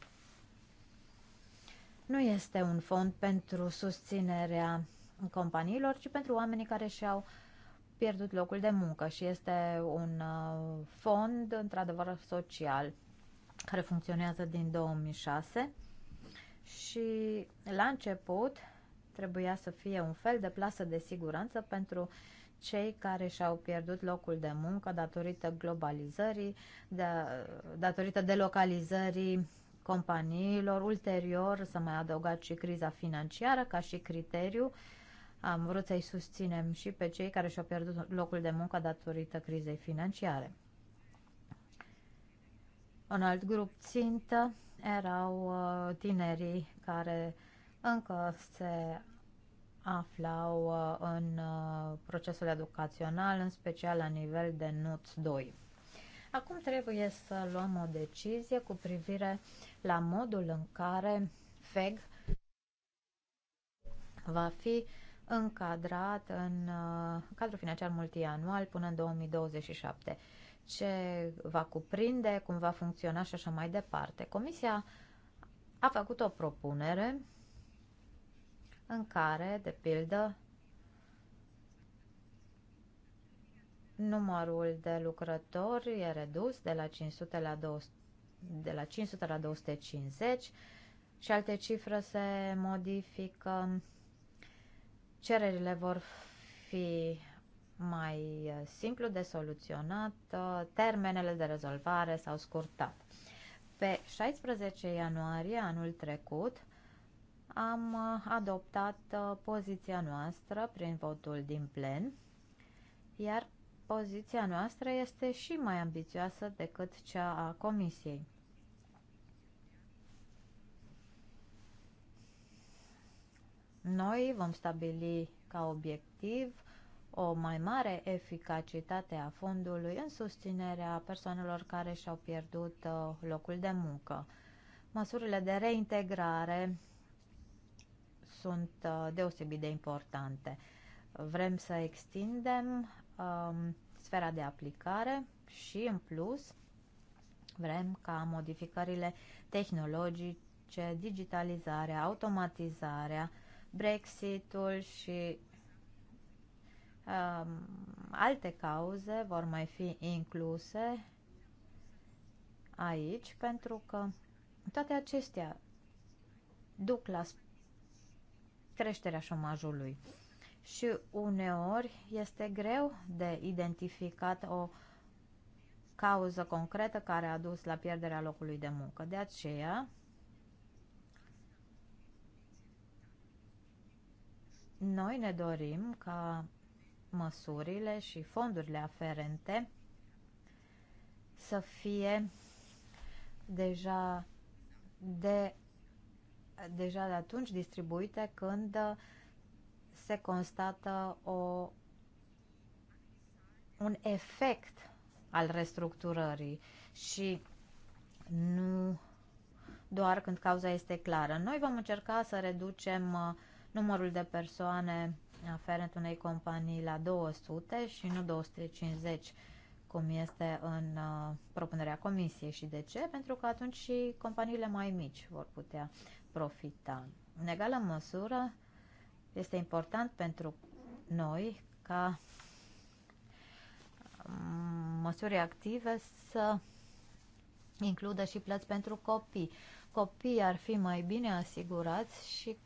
Nu este un fond pentru susținerea companiilor, ci pentru oamenii care și-au pierdut locul de muncă și este un uh, fond într-adevăr social care funcționează din 2006 și la început trebuia să fie un fel de plasă de siguranță pentru cei care și-au pierdut locul de muncă datorită globalizării, de, datorită delocalizării companiilor. Ulterior s-a mai adăugat și criza financiară ca și criteriu. Am vrut să-i susținem și pe cei care și-au pierdut locul de muncă datorită crizei financiare. Un alt grup țintă erau uh, tinerii care încă se aflau uh, în uh, procesul educațional, în special la nivel de NUTS 2. Acum trebuie să luăm o decizie cu privire la modul în care FEG va fi încadrat în uh, cadrul financiar multianual până în 2027, ce va cuprinde, cum va funcționa și așa mai departe. Comisia a făcut o propunere în care, de pildă, numărul de lucrători e redus de la 500 la 200, de la 500 la 250 și alte cifre se modifică. Cererile vor fi mai eh, simplu de soluționat, eh, termenele de rezolvare s-au scurtat. Pe 16 ianuarie anul trecut, am uh, adoptat uh, poziția noastră prin votul din plen, iar poziția noastră este și mai ambițioasă decât cea a Comisiei. Noi vom stabili ca obiectiv o mai mare eficacitate a fondului în susținerea persoanelor care și-au pierdut uh, locul de muncă. Măsurile de reintegrare sunt uh, deosebit de importante. Vrem să extindem um, sfera de aplicare și, în plus, vrem ca modificările tehnologice, digitalizarea, automatizarea, Brexitul și um, alte cauze vor mai fi incluse aici pentru că toate acestea duc la creșterea șomajului. Și uneori este greu de identificat o cauză concretă care a dus la pierderea locului de muncă. De aceea, noi ne dorim ca măsurile și fondurile aferente să fie deja de deja de atunci distribuite când se constată o, un efect al restructurării și nu doar când cauza este clară. Noi vom încerca să reducem uh, numărul de persoane aferent unei companii la 200 și nu 250 cum este în uh, propunerea comisiei. Și de ce? Pentru că atunci și companiile mai mici vor putea profita. În egală măsură, este important pentru noi ca măsuri active să includă și plăți pentru copii. Copiii ar fi mai bine asigurați și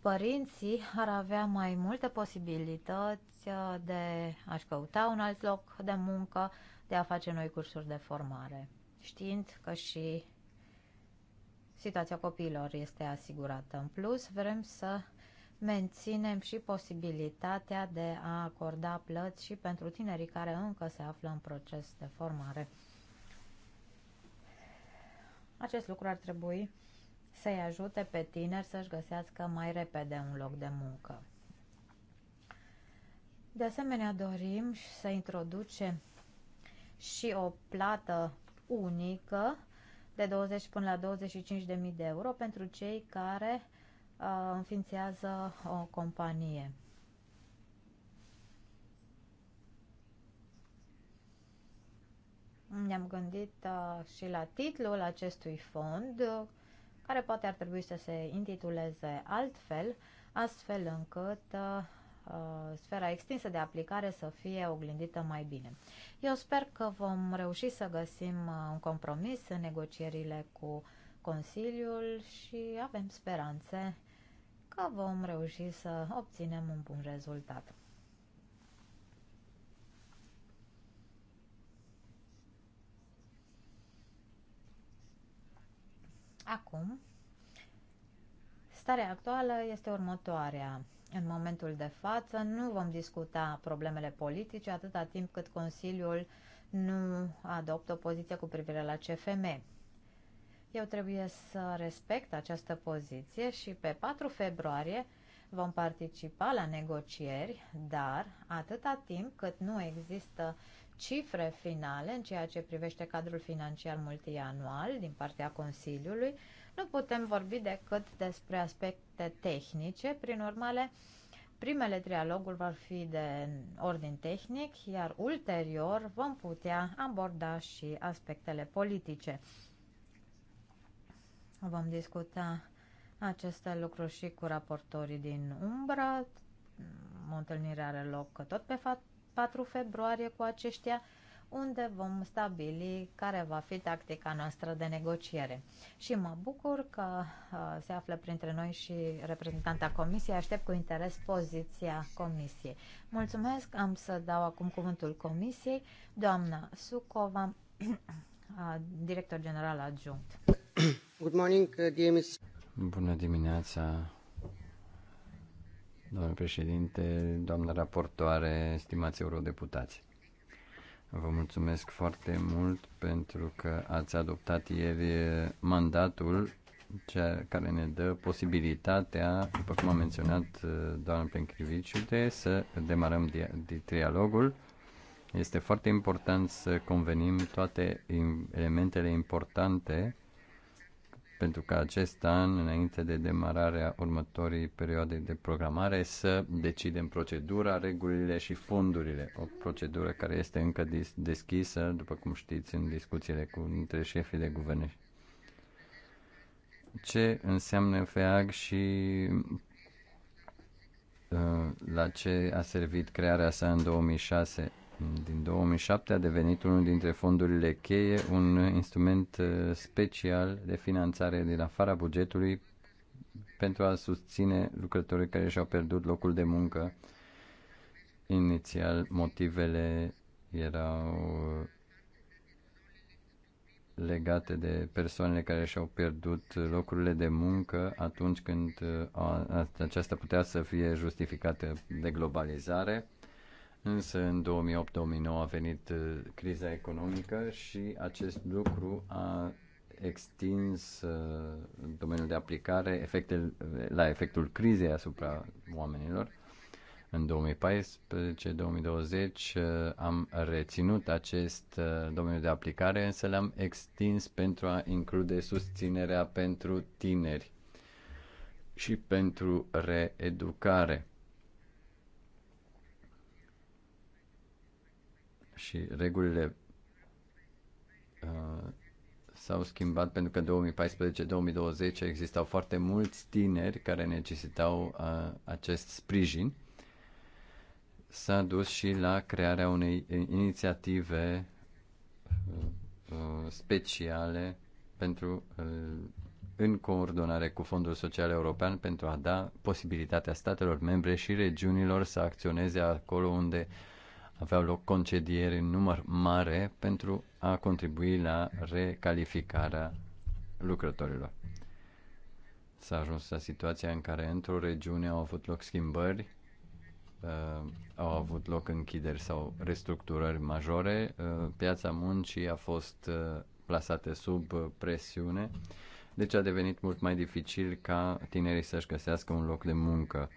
părinții ar avea mai multe posibilități uh, de a-și căuta un alt loc de muncă, de a face noi cursuri de formare, știind că și situația copiilor este asigurată. În plus, vrem să menținem și posibilitatea de a acorda plăți și pentru tinerii care încă se află în proces de formare. Acest lucru ar trebui să-i ajute pe tineri să-și găsească mai repede un loc de muncă. De asemenea, dorim să introducem și o plată unică de 20 până la 25.000 de euro pentru cei care uh, înființează o companie. Ne-am gândit uh, și la titlul acestui fond, uh, care poate ar trebui să se intituleze altfel, astfel încât uh, Uh, sfera extinsă de aplicare să fie oglindită mai bine. Eu sper că vom reuși să găsim uh, un compromis în negocierile cu Consiliul și avem speranțe că vom reuși să obținem un bun rezultat. Acum, starea actuală este următoarea. În momentul de față nu vom discuta problemele politice atâta timp cât Consiliul nu adoptă o poziție cu privire la CFM. Eu trebuie să respect această poziție și pe 4 februarie vom participa la negocieri, dar atâta timp cât nu există cifre finale în ceea ce privește cadrul financiar multianual din partea Consiliului, nu putem vorbi decât despre aspecte tehnice. Prin urmare, primele trialoguri vor fi de ordin tehnic, iar ulterior vom putea aborda și aspectele politice. Vom discuta aceste lucruri și cu raportorii din umbră. O întâlnire are loc tot pe 4 februarie cu aceștia unde vom stabili care va fi tactica noastră de negociere. Și mă bucur că uh, se află printre noi și reprezentanta Comisiei. Aștept cu interes poziția Comisiei. Mulțumesc. Am să dau acum cuvântul Comisiei. Doamna Sucova, uh, director general adjunct. Good morning, uh, DMS. Bună dimineața, domnule președinte, doamnă raportoare, stimați eurodeputați. Vă mulțumesc foarte mult pentru că ați adoptat ieri mandatul cea care ne dă posibilitatea, după cum a menționat uh, doamna Plencriviciu, de să demarăm dialogul. Este foarte important să convenim toate elementele importante pentru ca acest an, înainte de demararea următorii perioade de programare, să decidem procedura, regulile și fondurile. O procedură care este încă deschisă, după cum știți, în discuțiile cu între șefii de guverne. Ce înseamnă FEAG și uh, la ce a servit crearea sa în 2006? din 2007 a devenit unul dintre fondurile cheie, un instrument uh, special de finanțare din afara bugetului pentru a susține lucrătorii care și-au pierdut locul de muncă. Inițial, motivele erau legate de persoanele care și-au pierdut locurile de muncă atunci când uh, aceasta putea să fie justificată de globalizare Însă în 2008-2009 a venit uh, criza economică și acest lucru a extins uh, domeniul de aplicare efectel, la efectul crizei asupra oamenilor. În 2014-2020 uh, am reținut acest domeniu de aplicare, însă l-am extins pentru a include susținerea pentru tineri și pentru reeducare și regulile uh, s-au schimbat pentru că 2014-2020 existau foarte mulți tineri care necesitau uh, acest sprijin. S-a dus și la crearea unei inițiative uh, uh, speciale pentru uh, în coordonare cu Fondul Social European pentru a da posibilitatea statelor membre și regiunilor să acționeze acolo unde uh, aveau loc concedieri în număr mare pentru a contribui la recalificarea lucrătorilor. S-a ajuns la situația în care într-o regiune au avut loc schimbări, uh, au avut loc închideri sau restructurări majore, uh, piața muncii a fost uh, plasată sub uh, presiune, deci a devenit mult mai dificil ca tinerii să-și găsească un loc de muncă. Uh,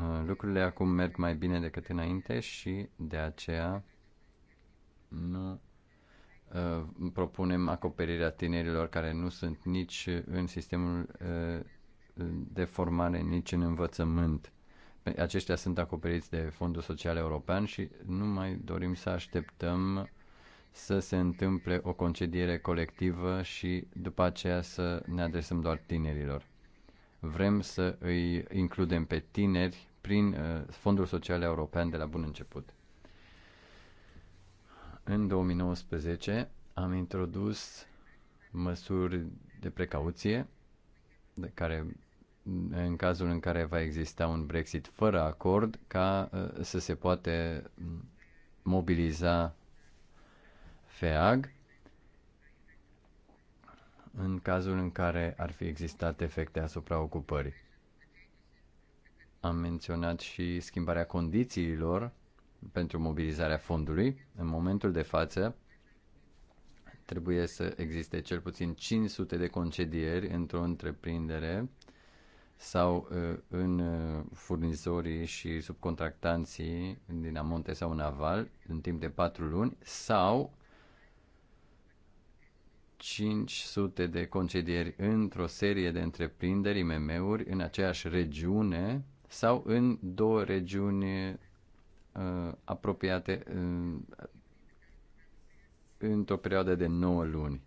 Uh, lucrurile acum merg mai bine decât înainte și de aceea nu uh, propunem acoperirea tinerilor care nu sunt nici în sistemul uh, de formare, nici în învățământ. Aceștia sunt acoperiți de Fondul Social European și nu mai dorim să așteptăm să se întâmple o concediere colectivă și după aceea să ne adresăm doar tinerilor. Vrem să îi includem pe tineri prin uh, Fondul Social European de la bun început. În 2019 am introdus măsuri de precauție de care în cazul în care va exista un Brexit fără acord, ca uh, să se poate mobiliza FEAG în cazul în care ar fi existat efecte asupra ocupării. Am menționat și schimbarea condițiilor pentru mobilizarea fondului. În momentul de față, trebuie să existe cel puțin 500 de concedieri într-o întreprindere sau uh, în uh, furnizorii și subcontractanții din Amonte sau în Aval în timp de 4 luni sau 500 de concedieri într-o serie de întreprinderi, IMM-uri, în aceeași regiune sau în două regiuni uh, apropiate în, într-o perioadă de 9 luni.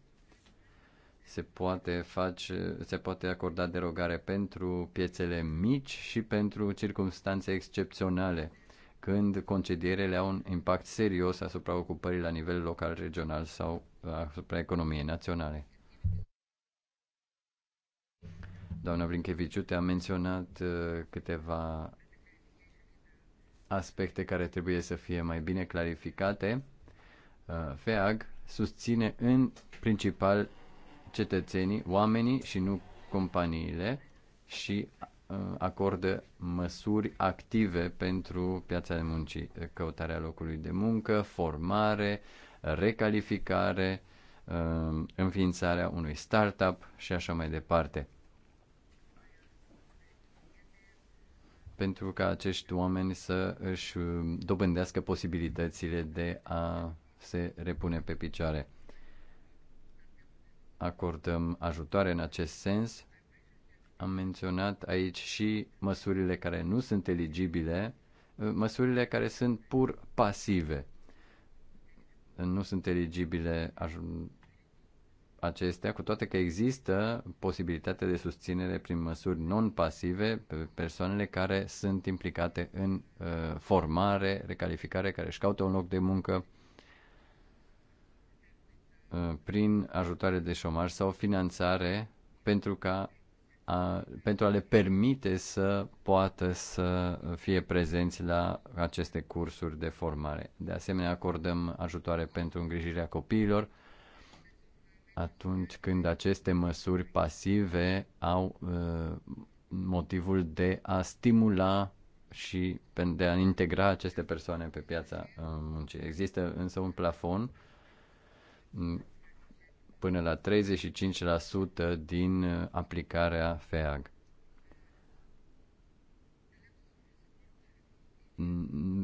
Se poate, face, se poate acorda derogare pentru piețele mici și pentru circumstanțe excepționale, când concedierele au un impact serios asupra ocupării la nivel local, regional sau asupra economiei naționale. Doamna Brincheviciu te-a menționat uh, câteva aspecte care trebuie să fie mai bine clarificate. Uh, FEAG susține în principal cetățenii, oamenii și nu companiile și uh, acordă măsuri active pentru piața de muncii, căutarea locului de muncă, formare, recalificare, înființarea unui startup și așa mai departe. pentru ca acești oameni să își um, dobândească posibilitățile de a se repune pe picioare. Acordăm ajutoare în acest sens. Am menționat aici și măsurile care nu sunt eligibile, uh, măsurile care sunt pur pasive. Nu sunt eligibile acestea, cu toate că există posibilitatea de susținere prin măsuri non-pasive pe persoanele care sunt implicate în uh, formare, recalificare, care își caută un loc de muncă uh, prin ajutoare de șomaj sau finanțare pentru ca a, pentru a le permite să poată să fie prezenți la aceste cursuri de formare. De asemenea, acordăm ajutoare pentru îngrijirea copiilor, atunci când aceste măsuri pasive au uh, motivul de a stimula și de a integra aceste persoane pe piața uh, muncii. Există însă un plafon mm, până la 35% din uh, aplicarea FEAG.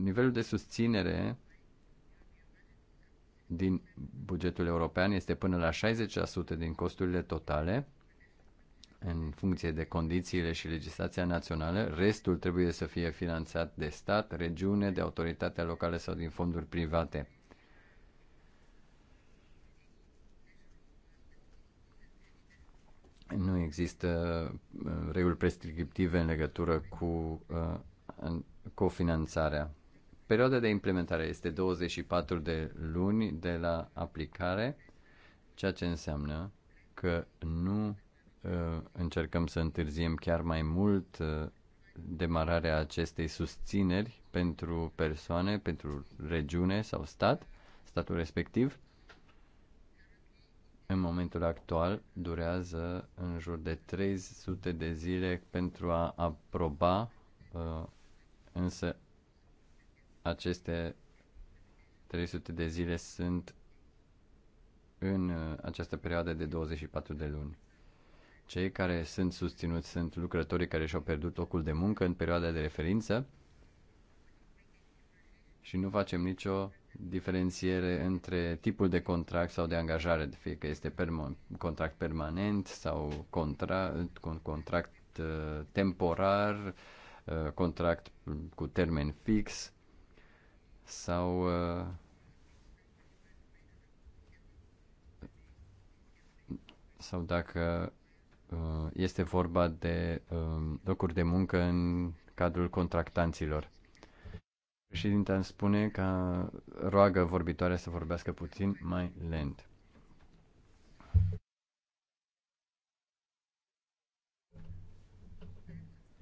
Nivelul de susținere din bugetul european este până la 60% din costurile totale în funcție de condițiile și legislația națională, restul trebuie să fie finanțat de stat, regiune, de autoritatea locală sau din fonduri private. Nu există uh, reguli prescriptive în legătură cu uh, cofinanțarea. Perioada de implementare este 24 de luni de la aplicare, ceea ce înseamnă că nu uh, încercăm să întârziem chiar mai mult uh, demararea acestei susțineri pentru persoane, pentru regiune sau stat, statul respectiv. În momentul actual durează în jur de 300 de zile pentru a aproba, uh, însă aceste 300 de zile sunt în uh, această perioadă de 24 de luni. Cei care sunt susținuți sunt lucrătorii care și-au pierdut locul de muncă în perioada de referință și nu facem nicio diferențiere între tipul de contract sau de angajare, fie că este perma- contract permanent sau contra- contract uh, temporar, uh, contract cu termen fix sau uh, sau dacă uh, este vorba de um, locuri de muncă în cadrul contractanților. Președinta spune că roagă vorbitoarea să vorbească puțin mai lent.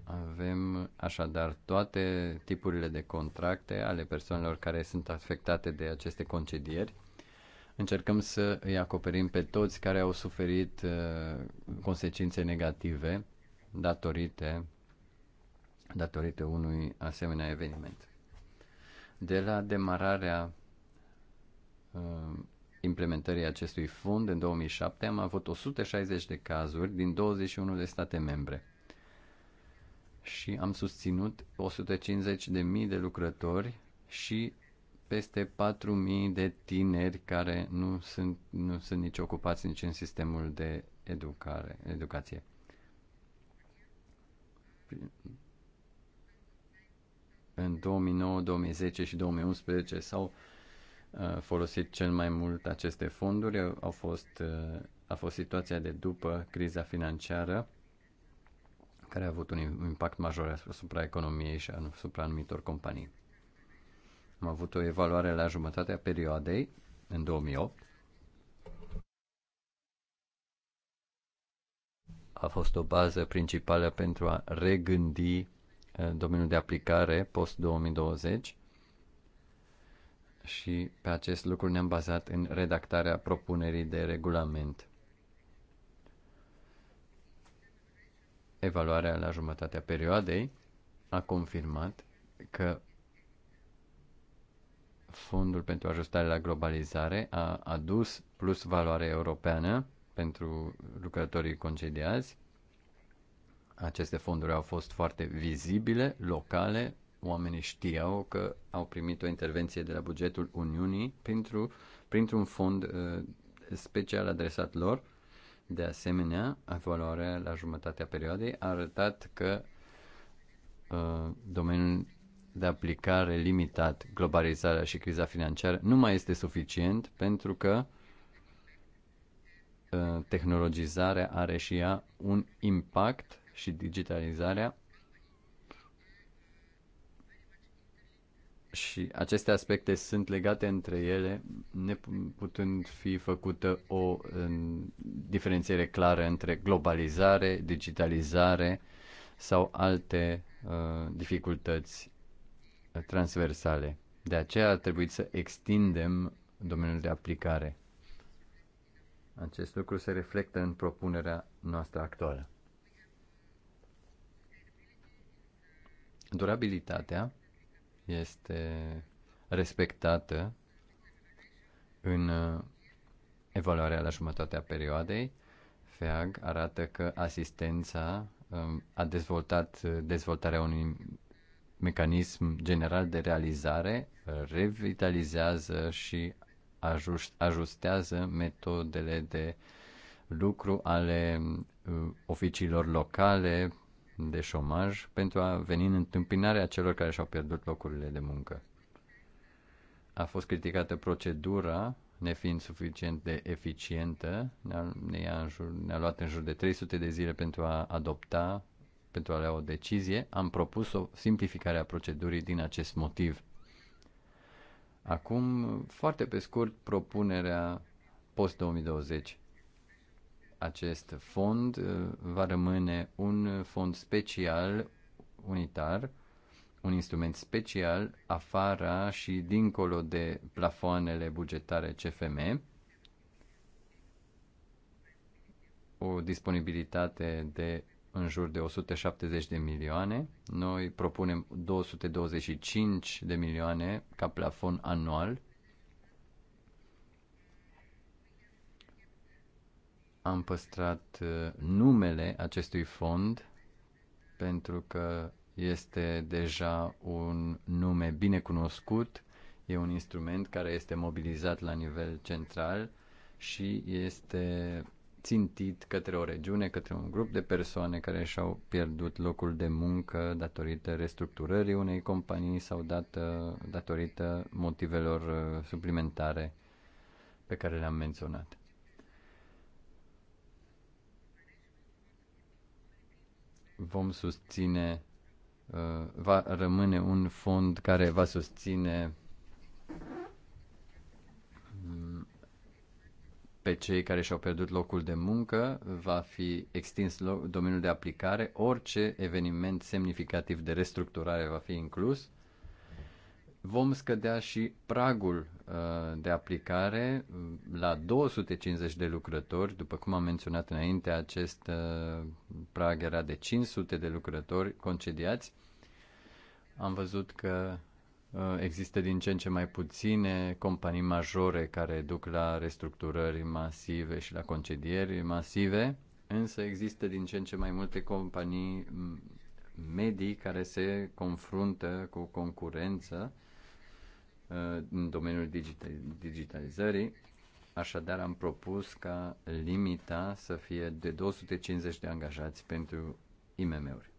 Avem așadar toate tipurile de contracte ale persoanelor care sunt afectate de aceste concedieri. Încercăm să îi acoperim pe toți care au suferit uh, consecințe negative datorite, datorite unui asemenea eveniment. De la demararea uh, implementării acestui fond în 2007 am avut 160 de cazuri din 21 de state membre și am susținut 150.000 de lucrători și peste 4.000 de tineri care nu sunt, nu sunt nici ocupați nici în sistemul de educare, educație. În 2009, 2010 și 2011 s-au uh, folosit cel mai mult aceste fonduri. Au fost, uh, a fost situația de după criza financiară care a avut un impact major asupra economiei și asupra anumitor companii. Am avut o evaluare la jumătatea perioadei, în 2008. A fost o bază principală pentru a regândi eh, domeniul de aplicare post-2020 și pe acest lucru ne-am bazat în redactarea propunerii de regulament. Evaluarea la jumătatea perioadei a confirmat că Fondul pentru ajustare la globalizare a adus plus valoare europeană pentru lucrătorii concediați. Aceste fonduri au fost foarte vizibile, locale, oamenii știau că au primit o intervenție de la bugetul Uniunii printr-un fond uh, special adresat lor de asemenea, evaluarea la jumătatea perioadei a arătat că uh, domeniul de aplicare limitat, globalizarea și criza financiară, nu mai este suficient pentru că uh, tehnologizarea are și ea un impact și digitalizarea și aceste aspecte sunt legate între ele, neputând fi făcută o diferențiere clară între globalizare, digitalizare sau alte uh, dificultăți uh, transversale. De aceea ar trebui să extindem domeniul de aplicare. Acest lucru se reflectă în propunerea noastră actuală. Durabilitatea este respectată în uh, evaluarea la jumătatea perioadei. FEAG arată că asistența um, a dezvoltat uh, dezvoltarea unui mecanism general de realizare, revitalizează și ajustează metodele de lucru ale uh, oficiilor locale, de șomaj pentru a veni în întâmpinarea celor care și-au pierdut locurile de muncă. A fost criticată procedura, nefiind suficient de eficientă, ne-a, ne-a, ne-a luat în jur de 300 de zile pentru a adopta, pentru a lua o decizie. Am propus o simplificare a procedurii din acest motiv. Acum, foarte pe scurt, propunerea post-2020 acest fond uh, va rămâne un fond special, unitar, un instrument special afara și dincolo de plafoanele bugetare CFM, o disponibilitate de în jur de 170 de milioane. Noi propunem 225 de milioane ca plafon anual am păstrat uh, numele acestui fond pentru că este deja un nume bine cunoscut, e un instrument care este mobilizat la nivel central și este țintit către o regiune, către un grup de persoane care și-au pierdut locul de muncă datorită restructurării unei companii sau dată, datorită motivelor uh, suplimentare pe care le-am menționat. vom susține, uh, va rămâne un fond care va susține mm, pe cei care și-au pierdut locul de muncă, va fi extins domeniul de aplicare, orice eveniment semnificativ de restructurare va fi inclus vom scădea și pragul uh, de aplicare uh, la 250 de lucrători. După cum am menționat înainte, acest uh, prag era de 500 de lucrători concediați. Am văzut că există din ce în ce mai puține companii majore care duc la restructurări masive și la concedieri masive, însă există din ce în ce mai multe companii medii care se confruntă cu concurență Uh, în domeniul digitalizării. Așadar, am propus ca limita să fie de 250 de angajați pentru IMM-uri.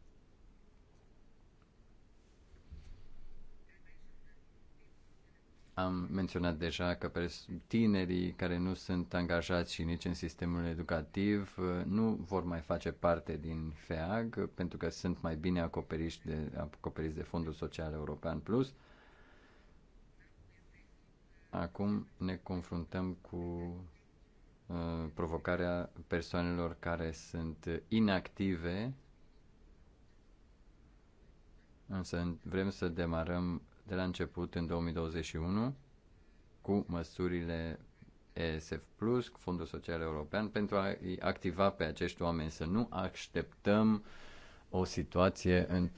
Am menționat deja că tinerii care nu sunt angajați și nici în sistemul educativ uh, nu vor mai face parte din FEAG pentru că sunt mai bine acoperiți de, acoperiți de Fondul Social European Plus – Acum ne confruntăm cu uh, provocarea persoanelor care sunt inactive, însă vrem să demarăm de la început în 2021 cu măsurile ESF Plus, Fondul Social European, pentru a activa pe acești oameni, să nu așteptăm o situație în,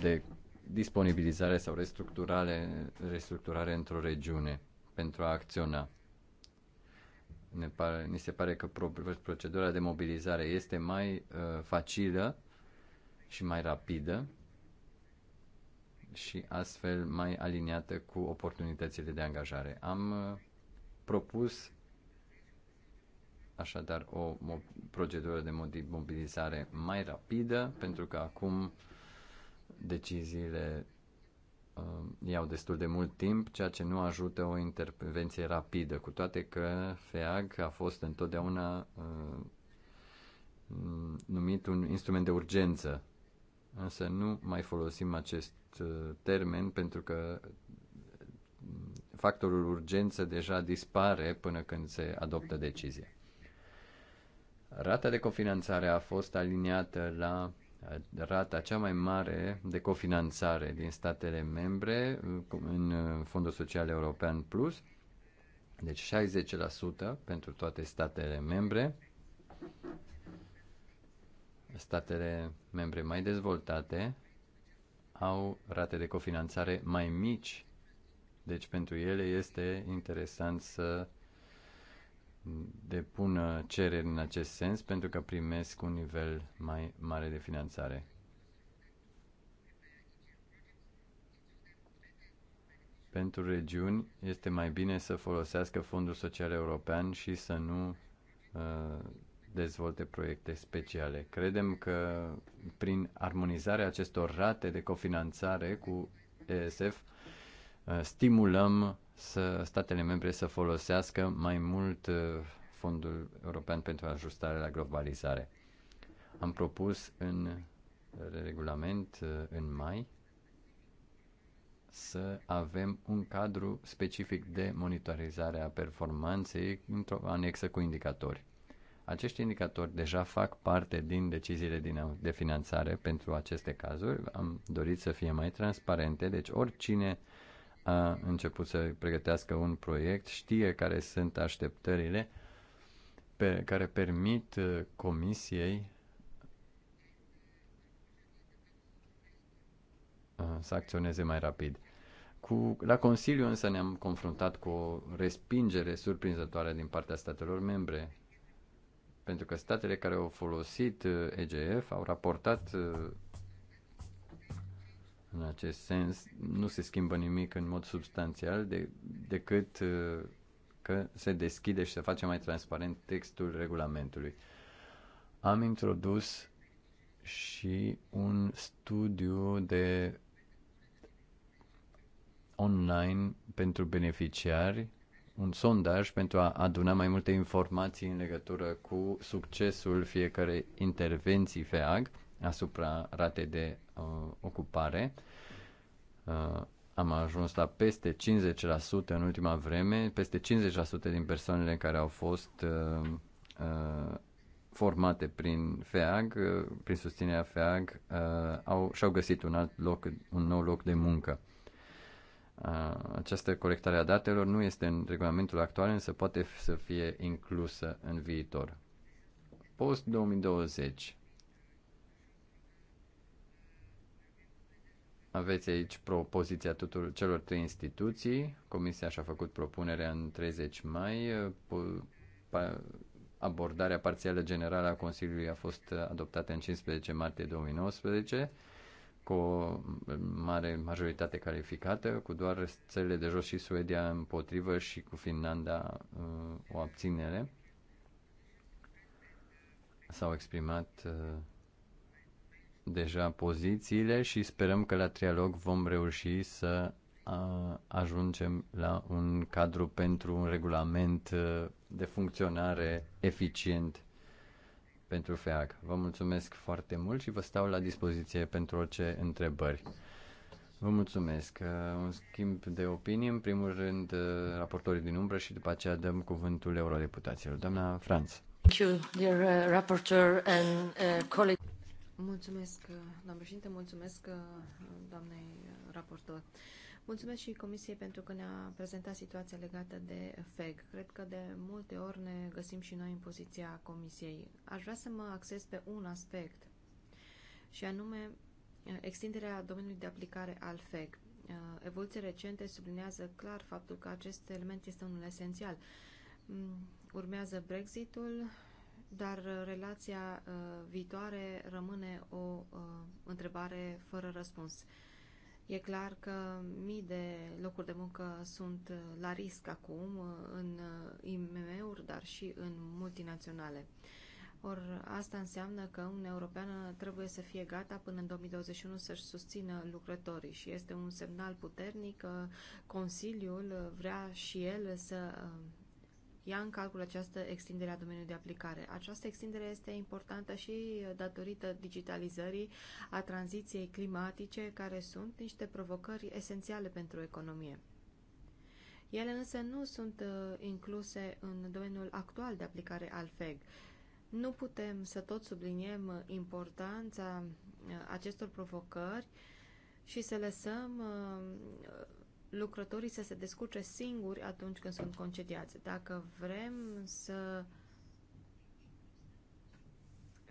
de disponibilizare sau restructurare, restructurare într-o regiune pentru a acționa. Ne, pare, ni se pare că procedura de mobilizare este mai uh, facilă și mai rapidă și astfel mai aliniată cu oportunitățile de angajare. Am uh, propus așadar o procedură de mobilizare mai rapidă, pentru că acum deciziile Um, iau destul de mult timp, ceea ce nu ajută o intervenție rapidă, cu toate că FEAG a fost întotdeauna uh, numit un instrument de urgență. Însă nu mai folosim acest uh, termen pentru că uh, factorul urgență deja dispare până când se adoptă decizia. Rata de cofinanțare a fost aliniată la rata cea mai mare de cofinanțare din statele membre în Fondul Social European Plus, deci 60% pentru toate statele membre. Statele membre mai dezvoltate au rate de cofinanțare mai mici, deci pentru ele este interesant să depună cereri în acest sens pentru că primesc un nivel mai mare de finanțare. Pentru regiuni este mai bine să folosească Fondul Social European și să nu uh, dezvolte proiecte speciale. Credem că prin armonizarea acestor rate de cofinanțare cu ESF uh, stimulăm să statele membre să folosească mai mult uh, Fondul European pentru Ajustare la Globalizare. Am propus în regulament uh, în mai să avem un cadru specific de monitorizare a performanței într-o anexă cu indicatori. Acești indicatori deja fac parte din deciziile de finanțare pentru aceste cazuri. Am dorit să fie mai transparente, deci oricine a început să pregătească un proiect, știe care sunt așteptările pe, care permit uh, comisiei uh, să acționeze mai rapid. Cu, la Consiliu însă ne-am confruntat cu o respingere surprinzătoare din partea statelor membre, pentru că statele care au folosit uh, EGF au raportat în acest sens, nu se schimbă nimic în mod substanțial de, decât uh, că se deschide și se face mai transparent textul regulamentului. Am introdus și un studiu de online pentru beneficiari, un sondaj pentru a aduna mai multe informații în legătură cu succesul fiecarei intervenții FEAG asupra ratei de Uh, ocupare. Uh, am ajuns la peste 50% în ultima vreme, peste 50% din persoanele care au fost uh, formate prin FEAG, prin susținerea FEAG, au, și-au găsit un alt loc, un nou loc de muncă. Această colectare a datelor nu este în regulamentul actual, însă poate să fie inclusă în viitor. Post 2020 Aveți aici propoziția tuturor celor trei instituții. Comisia și-a făcut propunerea în 30 mai. Abordarea parțială generală a Consiliului a fost adoptată în 15 martie 2019 cu o mare majoritate calificată, cu doar țările de jos și Suedia împotrivă și cu Finlanda uh, o abținere. S-au exprimat uh, deja pozițiile și sperăm că la trialog vom reuși să ajungem la un cadru pentru un regulament de funcționare eficient pentru FEAC. Vă mulțumesc foarte mult și vă stau la dispoziție pentru orice întrebări. Vă mulțumesc. Un schimb de opinii, în primul rând raportorii din umbră și după aceea dăm cuvântul eurodeputaților. Doamna Franț. Thank you, dear uh, rapporteur and uh, colleague. Mulțumesc, uh, doamnă președinte, mulțumesc uh, doamnei uh, raportor. Mulțumesc și Comisiei pentru că ne-a prezentat situația legată de FEG. Cred că de multe ori ne găsim și noi în poziția Comisiei. Aș vrea să mă acces pe un aspect, și anume extinderea domeniului de aplicare al FEG. Evoluții recente sublinează clar faptul că acest element este unul esențial. Mm, urmează Brexitul dar uh, relația uh, viitoare rămâne o uh, întrebare fără răspuns. E clar că mii de locuri de muncă sunt la risc acum în IMM-uri, dar și în multinaționale. Or, asta înseamnă că Uniunea Europeană trebuie să fie gata până în 2021 să-și susțină lucrătorii și este un semnal puternic că Consiliul vrea și el să ia în calcul această extindere a domeniului de aplicare. Această extindere este importantă și datorită digitalizării, a tranziției climatice, care sunt niște provocări esențiale pentru economie. Ele însă nu sunt uh, incluse în domeniul actual de aplicare al FEG. Nu putem să tot subliniem uh, importanța uh, acestor provocări și să lăsăm lucrătorii să se descurce singuri atunci când sunt concediați. Dacă vrem să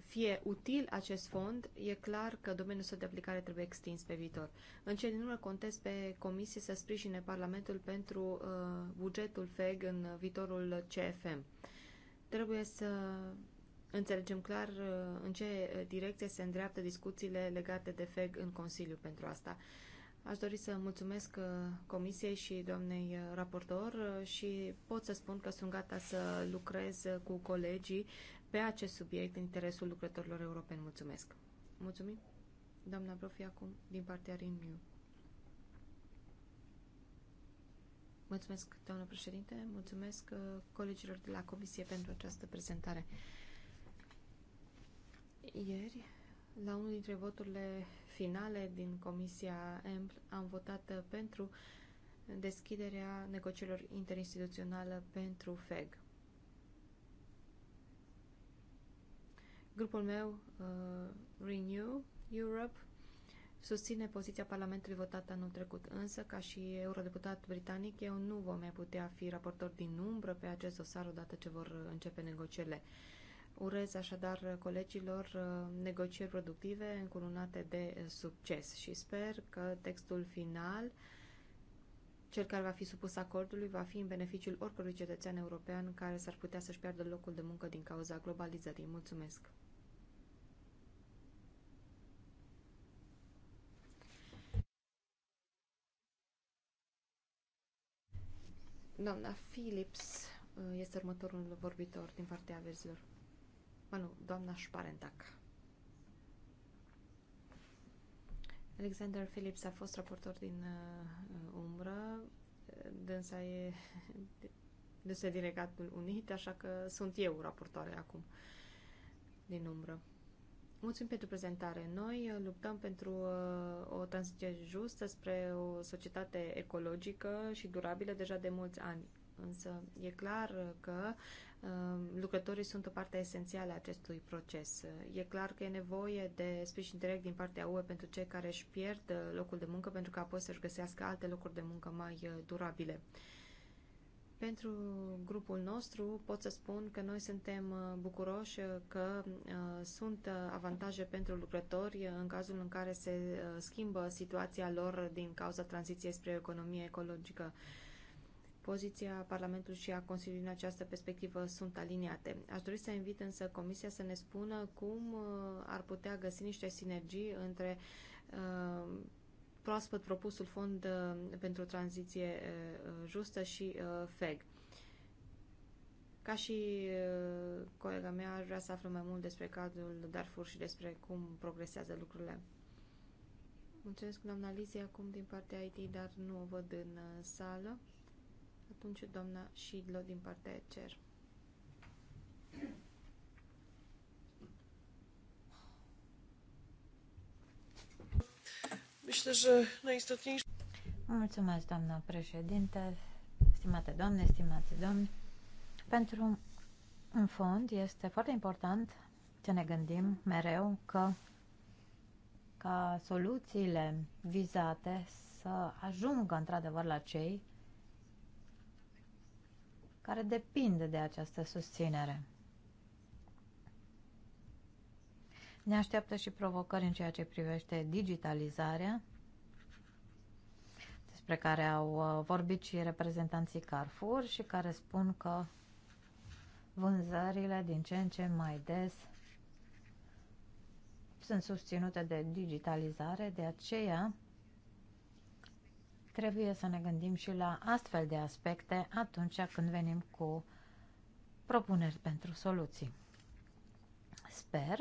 fie util acest fond, e clar că domeniul său de aplicare trebuie extins pe viitor. În ce din urmă contez pe comisie să sprijine Parlamentul pentru uh, bugetul FEG în viitorul CFM. Trebuie să înțelegem clar uh, în ce direcție se îndreaptă discuțiile legate de FEG în Consiliu pentru asta. Uh, Aș dori să mulțumesc uh, comisiei și doamnei uh, raportor uh, și pot să spun că sunt gata să lucrez cu colegii pe acest subiect în interesul lucrătorilor europeni. Mulțumesc! Mulțumim! Doamna Brofi, acum din partea Renew. Mulțumesc, doamnă președinte, mulțumesc colegilor de la comisie pentru această prezentare. Ieri, la unul dintre voturile finale din Comisia EMPL am votat pentru deschiderea negocierilor interinstituționale pentru FEG. Grupul meu, uh, Renew Europe, susține poziția Parlamentului votată anul trecut, însă, ca și eurodeputat britanic, eu nu vom mai putea fi raportor din umbră pe acest dosar odată ce vor începe negocierile. Uh, Urez așadar colegilor uh, negocieri productive încununate de uh, succes și sper că textul final, cel care va fi supus acordului, va fi în beneficiul oricărui cetățean european care s-ar putea să-și piardă locul de muncă din cauza globalizării. Mulțumesc! Doamna Philips uh, este următorul vorbitor din partea verzilor. Mă nu, doamna Șparentac. Alexander Phillips a fost raportor din uh, umbră. Dânsa e dânsa din Regatul Unit, așa că sunt eu raportoare acum din umbră. Mulțumim pentru prezentare. Noi luptăm pentru uh, o tranziție justă spre o societate ecologică și durabilă deja de mulți ani. Însă e clar că Ehm, lucrătorii sunt o parte esențială a acestui proces. E clar că e nevoie de sprijin direct din partea UE pentru cei care își pierd eh, locul de muncă pentru că apoi să-și găsească alte locuri de muncă mai eh, durabile. Pentru grupul nostru pot să spun că noi suntem eh, bucuroși că sunt avantaje pentru lucrători în cazul în care se schimbă situația lor din cauza tranziției spre o economie ecologică. Poziția Parlamentului și a Consiliului în această perspectivă sunt aliniate. Aș dori să invit însă Comisia să ne spună cum uh, ar putea găsi niște sinergii între uh, proaspăt propusul fond uh, pentru tranziție justă și FEG. Ca și colega mea, aș vrea să aflu mai mult despre cadrul Darfur și despre cum progresează lucrurile. Mulțumesc, doamna Lizia, acum din partea IT, dar nu o văd în sală. Atunci doamna Șidlo din partea ECER. Myślę, Mulțumesc, doamna președinte, stimate doamne, stimați domni. Pentru în fond este foarte important să ne gândim mereu că ca soluțiile vizate să ajungă într-adevăr la cei care depinde de această susținere. Ne așteaptă și provocări în ceea ce privește digitalizarea, despre care au uh, vorbit și reprezentanții Carrefour și care spun că vânzările din ce în ce mai des sunt susținute de digitalizare, de aceea trebuie să ne gândim și la astfel de aspecte atunci când venim cu propuneri pentru soluții. Sper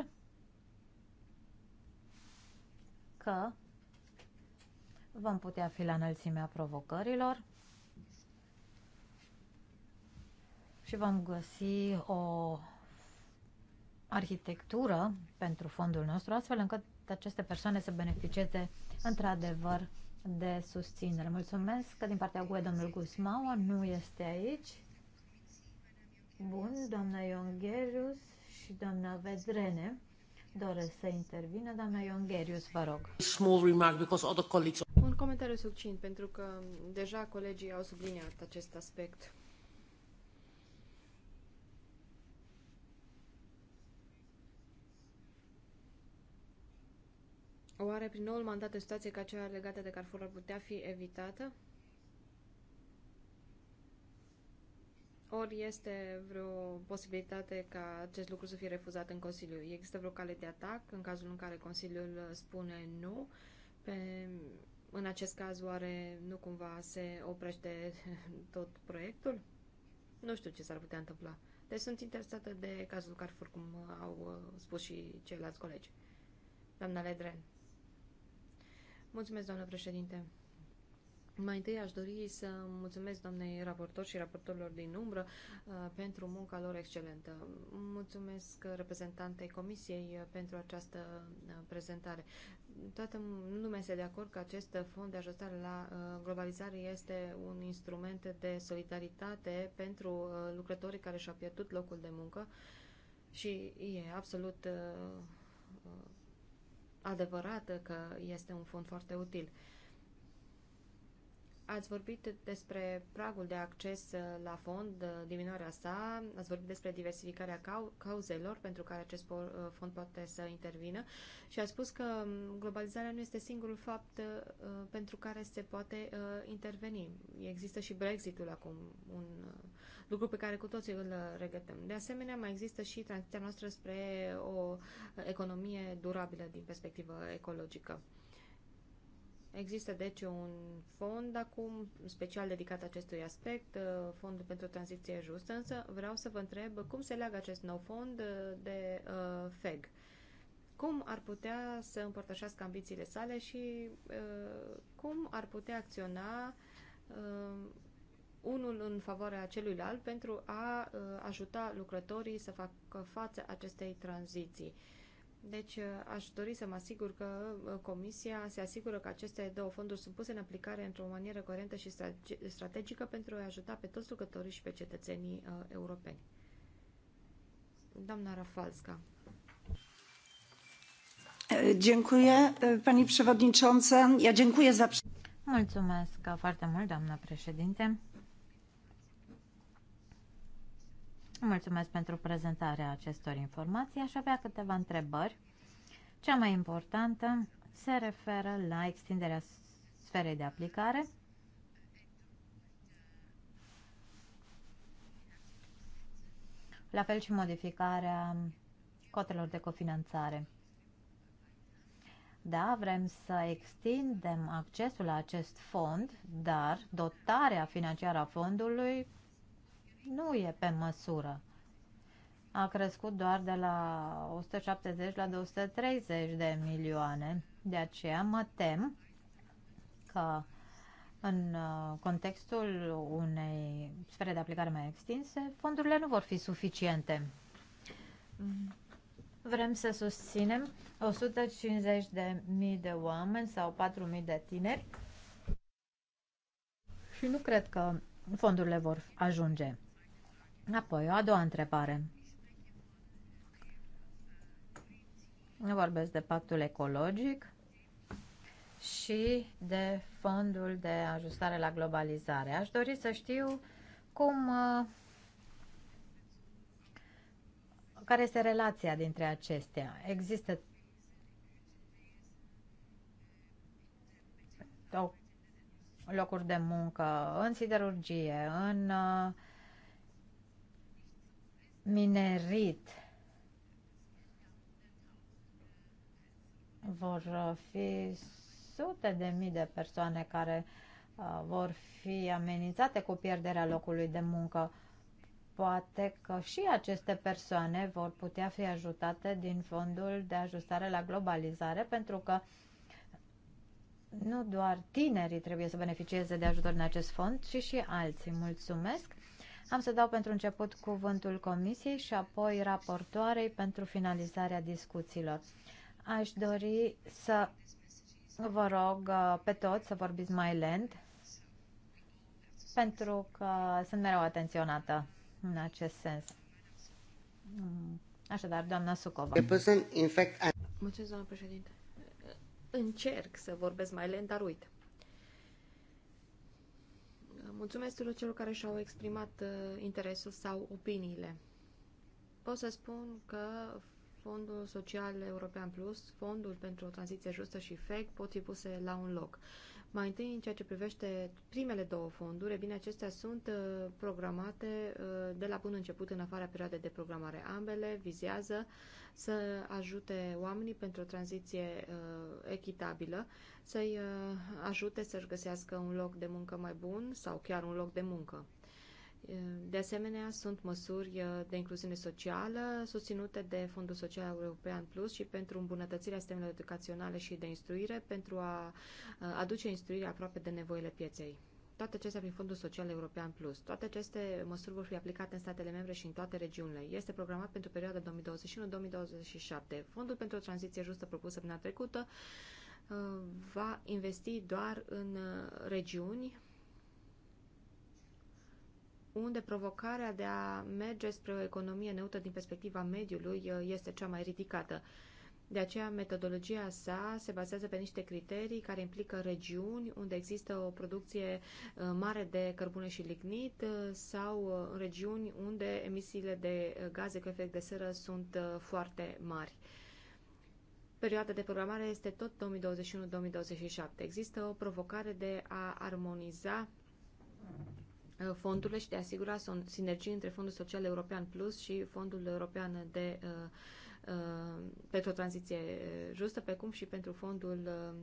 că vom putea fi la înălțimea provocărilor și vom găsi o arhitectură pentru fondul nostru, astfel încât aceste persoane să beneficieze într-adevăr de susținere. Mulțumesc că din partea GUE domnul Gusmaua nu este aici. Bun, doamna Iongherius și doamna Vedrene doresc să intervină. Doamna Iongherius, vă rog. Small remark because other colleagues... Un comentariu succint, pentru că deja colegii au subliniat acest aspect. Oare prin noul mandat o situație ca cea legată de Carrefour ar putea fi evitată? Ori este vreo posibilitate ca acest lucru să fie refuzat în Consiliu? Există vreo cale de atac în cazul în care Consiliul spune nu? Pe, în acest caz, oare nu cumva se oprește tot proiectul? Nu știu ce s-ar putea întâmpla. Deci sunt interesată de cazul Carrefour, cum au uh, spus și ceilalți colegi. Doamna Ledren. Mulțumesc, doamnă președinte. Mai întâi aș dori să mulțumesc doamnei raportor și raportorilor din umbră uh, pentru munca lor excelentă. Mulțumesc reprezentantei Comisiei uh, pentru această uh, prezentare. Toată lumea este de acord că acest fond de ajustare la globalizare este un instrument de solidaritate pentru lucrătorii care și-au pierdut locul de muncă și e absolut adevărat că este un fond foarte util. Ați vorbit despre pragul de acces uh, la fond, uh, diminuarea sa, ați vorbit despre diversificarea cau cauzelor pentru care acest uh, fond poate să intervină și ați spus că um, globalizarea nu este singurul fapt pentru care se poate interveni. Există și Brexitul acum, un lucru pe care cu toții îl uh, regătăm. De asemenea, mai există și tranziția noastră spre o uh, economie durabilă din perspectivă ecologică. Există deci un fond acum special dedicat acestui aspect, uh, fondul pentru tranziție justă, însă vreau să vă întreb cum se leagă acest nou fond de uh, FEG. Cum ar putea să împărtășească ambițiile sale și uh, cum ar putea acționa uh, unul în favoarea celuilalt pentru a uh, ajuta lucrătorii să facă față acestei tranziții. Deci uh, aș dori să mă asigur că uh, Comisia se asigură că aceste două fonduri sunt puse în aplicare într-o manieră coerentă și strategică pentru a ajuta pe toți lucrătorii și pe cetățenii europeni. Doamna Rafalska. Dziękuję, pani przewodnicząca. Ja dziękuję za... Mulțumesc foarte mult, doamna președinte. Mulțumesc pentru prezentarea acestor informații. Aș avea câteva întrebări. Cea mai importantă se referă la extinderea sferei de aplicare. La fel și modificarea cotelor de cofinanțare. Da, vrem să extindem accesul la acest fond, dar dotarea financiară a fondului nu e pe măsură. A crescut doar de la 170 la 230 de milioane. De aceea mă tem că în uh, contextul unei sfere de aplicare mai extinse, fondurile nu vor fi suficiente. Vrem să susținem 150.000 de, de oameni sau 4.000 de tineri și nu cred că fondurile vor ajunge. Apoi, o a doua întrebare. Nu vorbesc de pactul ecologic și de fondul de ajustare la globalizare. Aș dori să știu cum uh, care este relația dintre acestea. Există locuri de muncă în siderurgie, în uh, minerit vor fi sute de mii de persoane care uh, vor fi amenințate cu pierderea locului de muncă. Poate că și aceste persoane vor putea fi ajutate din fondul de ajustare la globalizare, pentru că nu doar tinerii trebuie să beneficieze de ajutor în acest fond, ci și alții. Mulțumesc! Am să dau pentru început cuvântul comisiei și apoi raportoarei pentru finalizarea discuțiilor. Aș dori să vă rog uh, pe toți să vorbiți mai lent, pentru că sunt mereu atenționată în acest sens. Așadar, doamna Sucova. Mulțumesc, doamna președinte. Încerc să vorbesc mai lent, dar uite. Mulțumesc tuturor celor care și-au exprimat uh, interesul sau opiniile. Pot să spun că Fondul Social European Plus, Fondul pentru o tranziție justă și FEC pot fi puse la un loc. Mai întâi, în ceea ce privește primele două fonduri, e bine, acestea sunt uh, programate uh, de la bun început în afara perioadei de programare. Ambele vizează să ajute oamenii pentru o tranziție uh, echitabilă, să-i ajute să-și găsească un loc de muncă mai bun sau chiar un loc de muncă. De asemenea, sunt măsuri uh, de incluziune socială susținute de Fondul Social European Plus și pentru îmbunătățirea sistemelor educaționale și de instruire, pentru a uh, aduce instruirea aproape de nevoile pieței. Toate acestea prin Fondul Social European Plus. Toate aceste măsuri vor fi aplicate în statele membre și în toate regiunile. Este programat pentru perioada 2021-2027. Fondul pentru o tranziție justă propusă până trecută uh, va investi doar în regiuni unde provocarea de a merge spre o economie neutră din perspectiva mediului uh, este cea mai ridicată. De aceea, metodologia sa se bazează pe niște criterii care implică regiuni unde există o producție uh, mare de cărbune și lignit uh, sau regiuni unde emisiile de gaze cu efect de seră sunt foarte mari. Perioada de programare este tot 2021-2027. Există o provocare de a armoniza Uh, fondurile și de a asigura sinergii între Fondul Social European Plus și Fondul European de uh, Uh, pentru o tranziție justă, precum și pentru fondul uh,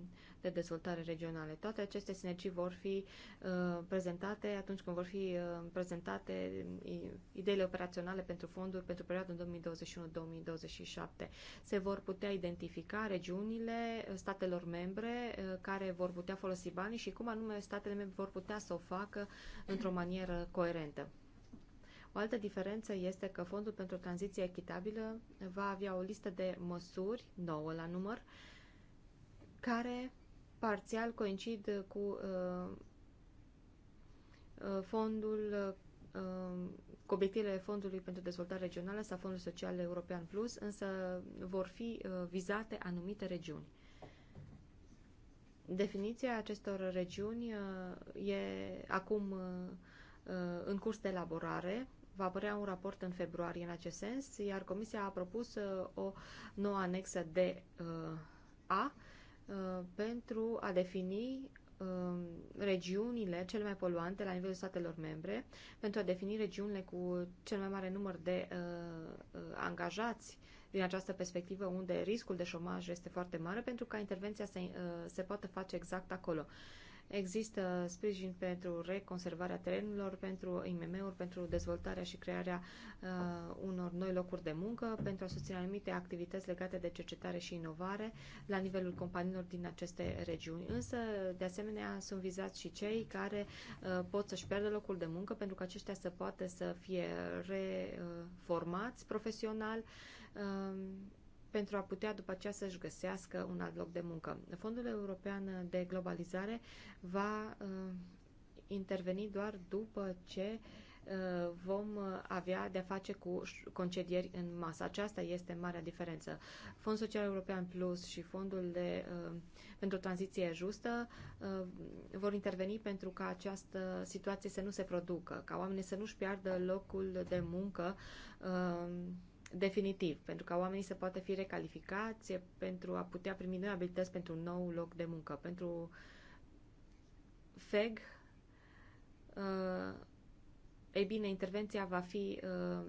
de dezvoltare regionale. Toate aceste sinergii vor fi uh, prezentate atunci când vor fi prezentate ideile operaționale pentru fonduri pentru perioada 2021-2027. Se vor putea identifica regiunile statelor membre care vor putea folosi banii și cum anume statele membre vor putea să o facă într-o manieră coerentă. O altă diferență este că Fondul pentru Tranziție Echitabilă va avea o listă de măsuri, nouă la număr, care parțial coincid cu uh, uh, fondul uh, cu obiectivele Fondului pentru Dezvoltare Regională sau Fondul Social European Plus, însă vor fi uh, vizate anumite regiuni. Definiția acestor regiuni uh, e acum uh, în curs de elaborare Va apărea un raport în februarie în acest sens, iar Comisia a propus uh, o nouă anexă de uh, A uh, pentru a defini um, regiunile cele mai poluante la nivelul statelor membre, pentru a defini regiunile cu cel mai mare număr de uh, angajați din această perspectivă unde riscul de șomaj este foarte mare, pentru ca intervenția se, uh, se poată face exact acolo. Uh, Există sprijin pentru reconservarea terenurilor, pentru IMM-uri, pentru dezvoltarea și crearea uh, unor noi locuri de muncă, pentru a susține anumite activități legate de cercetare și inovare la nivelul companiilor din aceste regiuni. Însă, de asemenea, sunt vizați și cei care uh, pot să-și pierdă locul de muncă pentru că aceștia să poată să fie reformați profesional. Uh, pentru a putea după aceea să-și găsească un alt loc de muncă. Fondul European de Globalizare va uh, interveni doar după ce uh, vom uh, avea de-a face cu concedieri în masă. Aceasta este marea diferență. Fondul Social European Plus și Fondul de, pentru Tranziție Justă vor interveni pentru ca această situație să nu se producă, ca oamenii să nu-și piardă locul de muncă definitiv, pentru ca oamenii să poată fi recalificați, pentru a putea primi noi abilități pentru un nou loc de muncă. Pentru FEG, uh, ei bine, intervenția va fi uh,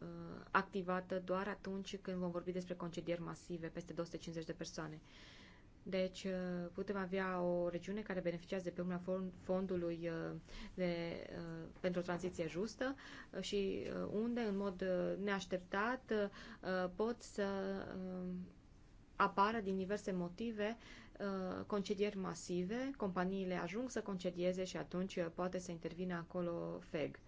uh, activată doar atunci când vom vorbi despre concedieri masive, peste 250 de persoane. Uh, deci uh, putem avea o regiune care beneficiază de pe urma fondului uh, de, uh, pentru o tranziție justă și unde, în mod neașteptat, pot să apară din diverse motive concedieri masive, companiile ajung să concedieze și atunci poate să intervine acolo FEG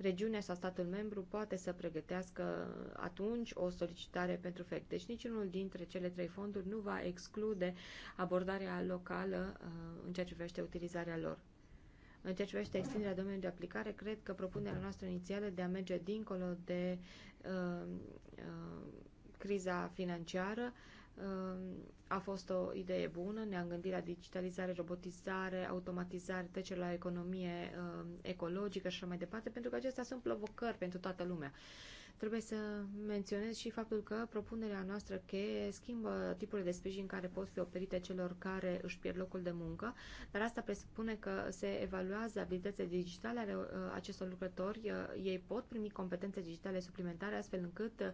regiunea sau statul membru poate să pregătească atunci o solicitare pentru FEC. Deci niciunul dintre cele trei fonduri nu va exclude abordarea locală uh, în ceea ce privește utilizarea lor. În ceea ce privește extinderea domeniului de aplicare, cred că propunerea noastră inițială de a merge dincolo de uh, uh, criza financiară uh, Ehm, a fost o idee bună, ne-am gândit la digitalizare, robotizare, automatizare, trecere la economie ehm, ecologică și așa mai departe, pentru că acestea sunt provocări pentru toată lumea. Trebuie să menționez și faptul că propunerea noastră cheie schimbă tipurile de sprijin care pot fi oferite celor care își pierd locul de muncă, dar asta presupune că se evaluează abilitățile digitale ale uh, acestor lucrători. Uh, ei pot primi competențe digitale suplimentare astfel încât uh,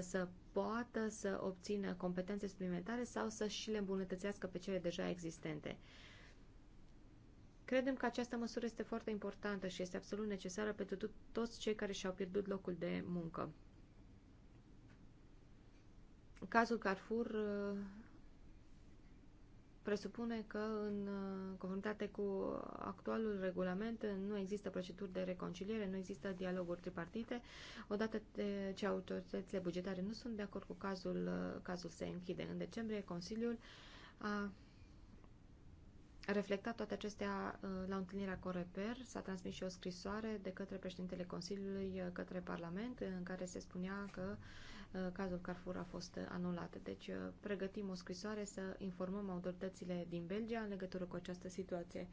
să poată să obțină competențe suplimentare sau să și le îmbunătățească pe cele deja existente. Credem că această măsură este foarte importantă și este absolut necesară pentru toți cei care și-au pierdut locul de muncă. Cazul Carrefour uh, presupune că în uh, conformitate cu actualul regulament uh, nu există proceduri de reconciliere, nu există dialoguri tripartite. Odată ce autoritățile bugetare nu sunt de acord cu cazul, cazul se închide. În decembrie, Consiliul a reflectat toate acestea uh, la întâlnirea Coreper. S-a transmis și o scrisoare de către președintele Consiliului uh, către Parlament uh, în care se spunea că cazul Carrefour a fost anulat. Deci pregătim o scrisoare să informăm autoritățile din Belgia în legătură cu această situație.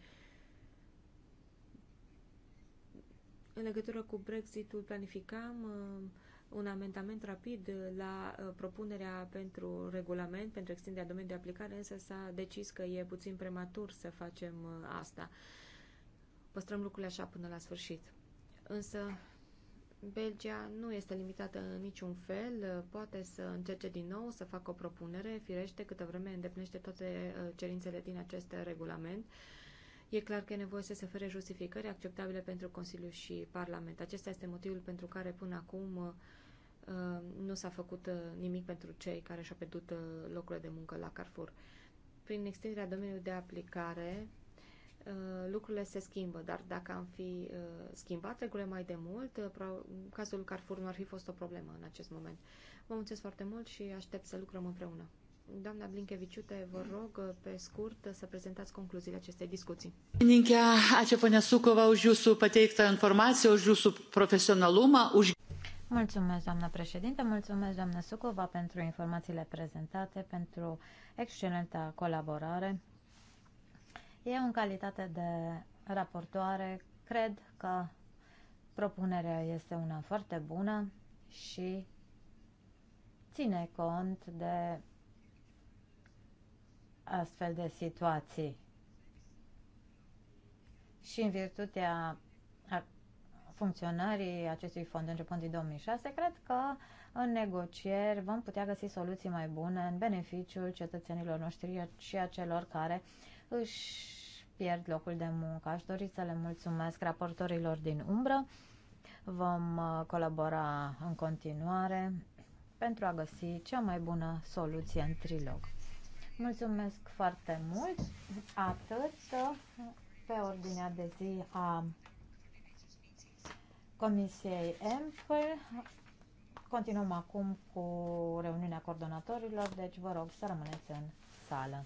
În legătură cu Brexitul planificam uh, un amendament rapid la uh, propunerea pentru regulament, pentru extinderea domeniului de aplicare, însă s-a decis că e puțin prematur să facem uh, asta. Păstrăm lucrurile așa până la sfârșit. Însă, Belgia nu este limitată în niciun fel, uh, poate să încerce din nou să facă o propunere, firește câtă vreme îndeplinește toate cerințele din acest regulament. E clar că e nevoie să se ofere justificări acceptabile pentru Consiliu și Parlament. Acesta este motivul pentru care până acum Uh, nu s-a făcut uh, nimic pentru cei care și-au pierdut uh, locurile de muncă la Carrefour. Prin extinderea domeniului de aplicare, lucrurile se schimbă, dar dacă am fi schimbat regulile mai de mult, cazul Carrefour nu ar fi fost o problemă în acest moment. Vă mulțumesc foarte mult și aștept să lucrăm împreună. Doamna Blinkeviciute, vă rog pe scurt să prezentați concluziile acestei discuții. Pirmininkė, ce ponia Sukova už jūsų pateiktą informaciją, už jūsų profesionalumą, už Mulțumesc, doamnă președinte, mulțumesc, doamnă Sucova, pentru informațiile prezentate, pentru excelenta colaborare. Eu, în calitate de raportoare, cred că propunerea este una foarte bună și ține cont de astfel de situații. Și în virtutea funcționării acestui fond începând din 2006, cred că în negocieri vom putea găsi soluții mai bune în beneficiul cetățenilor noștri și a celor care își pierd locul de muncă. Aș dori să le mulțumesc raportorilor din umbră. Vom uh, colabora în continuare pentru a găsi cea mai bună soluție în trilog. Mulțumesc foarte mult! Atât pe ordinea de zi a Comisiei EMPL. Continuăm acum cu reuniunea coordonatorilor, deci vă rog să rămâneți în sală.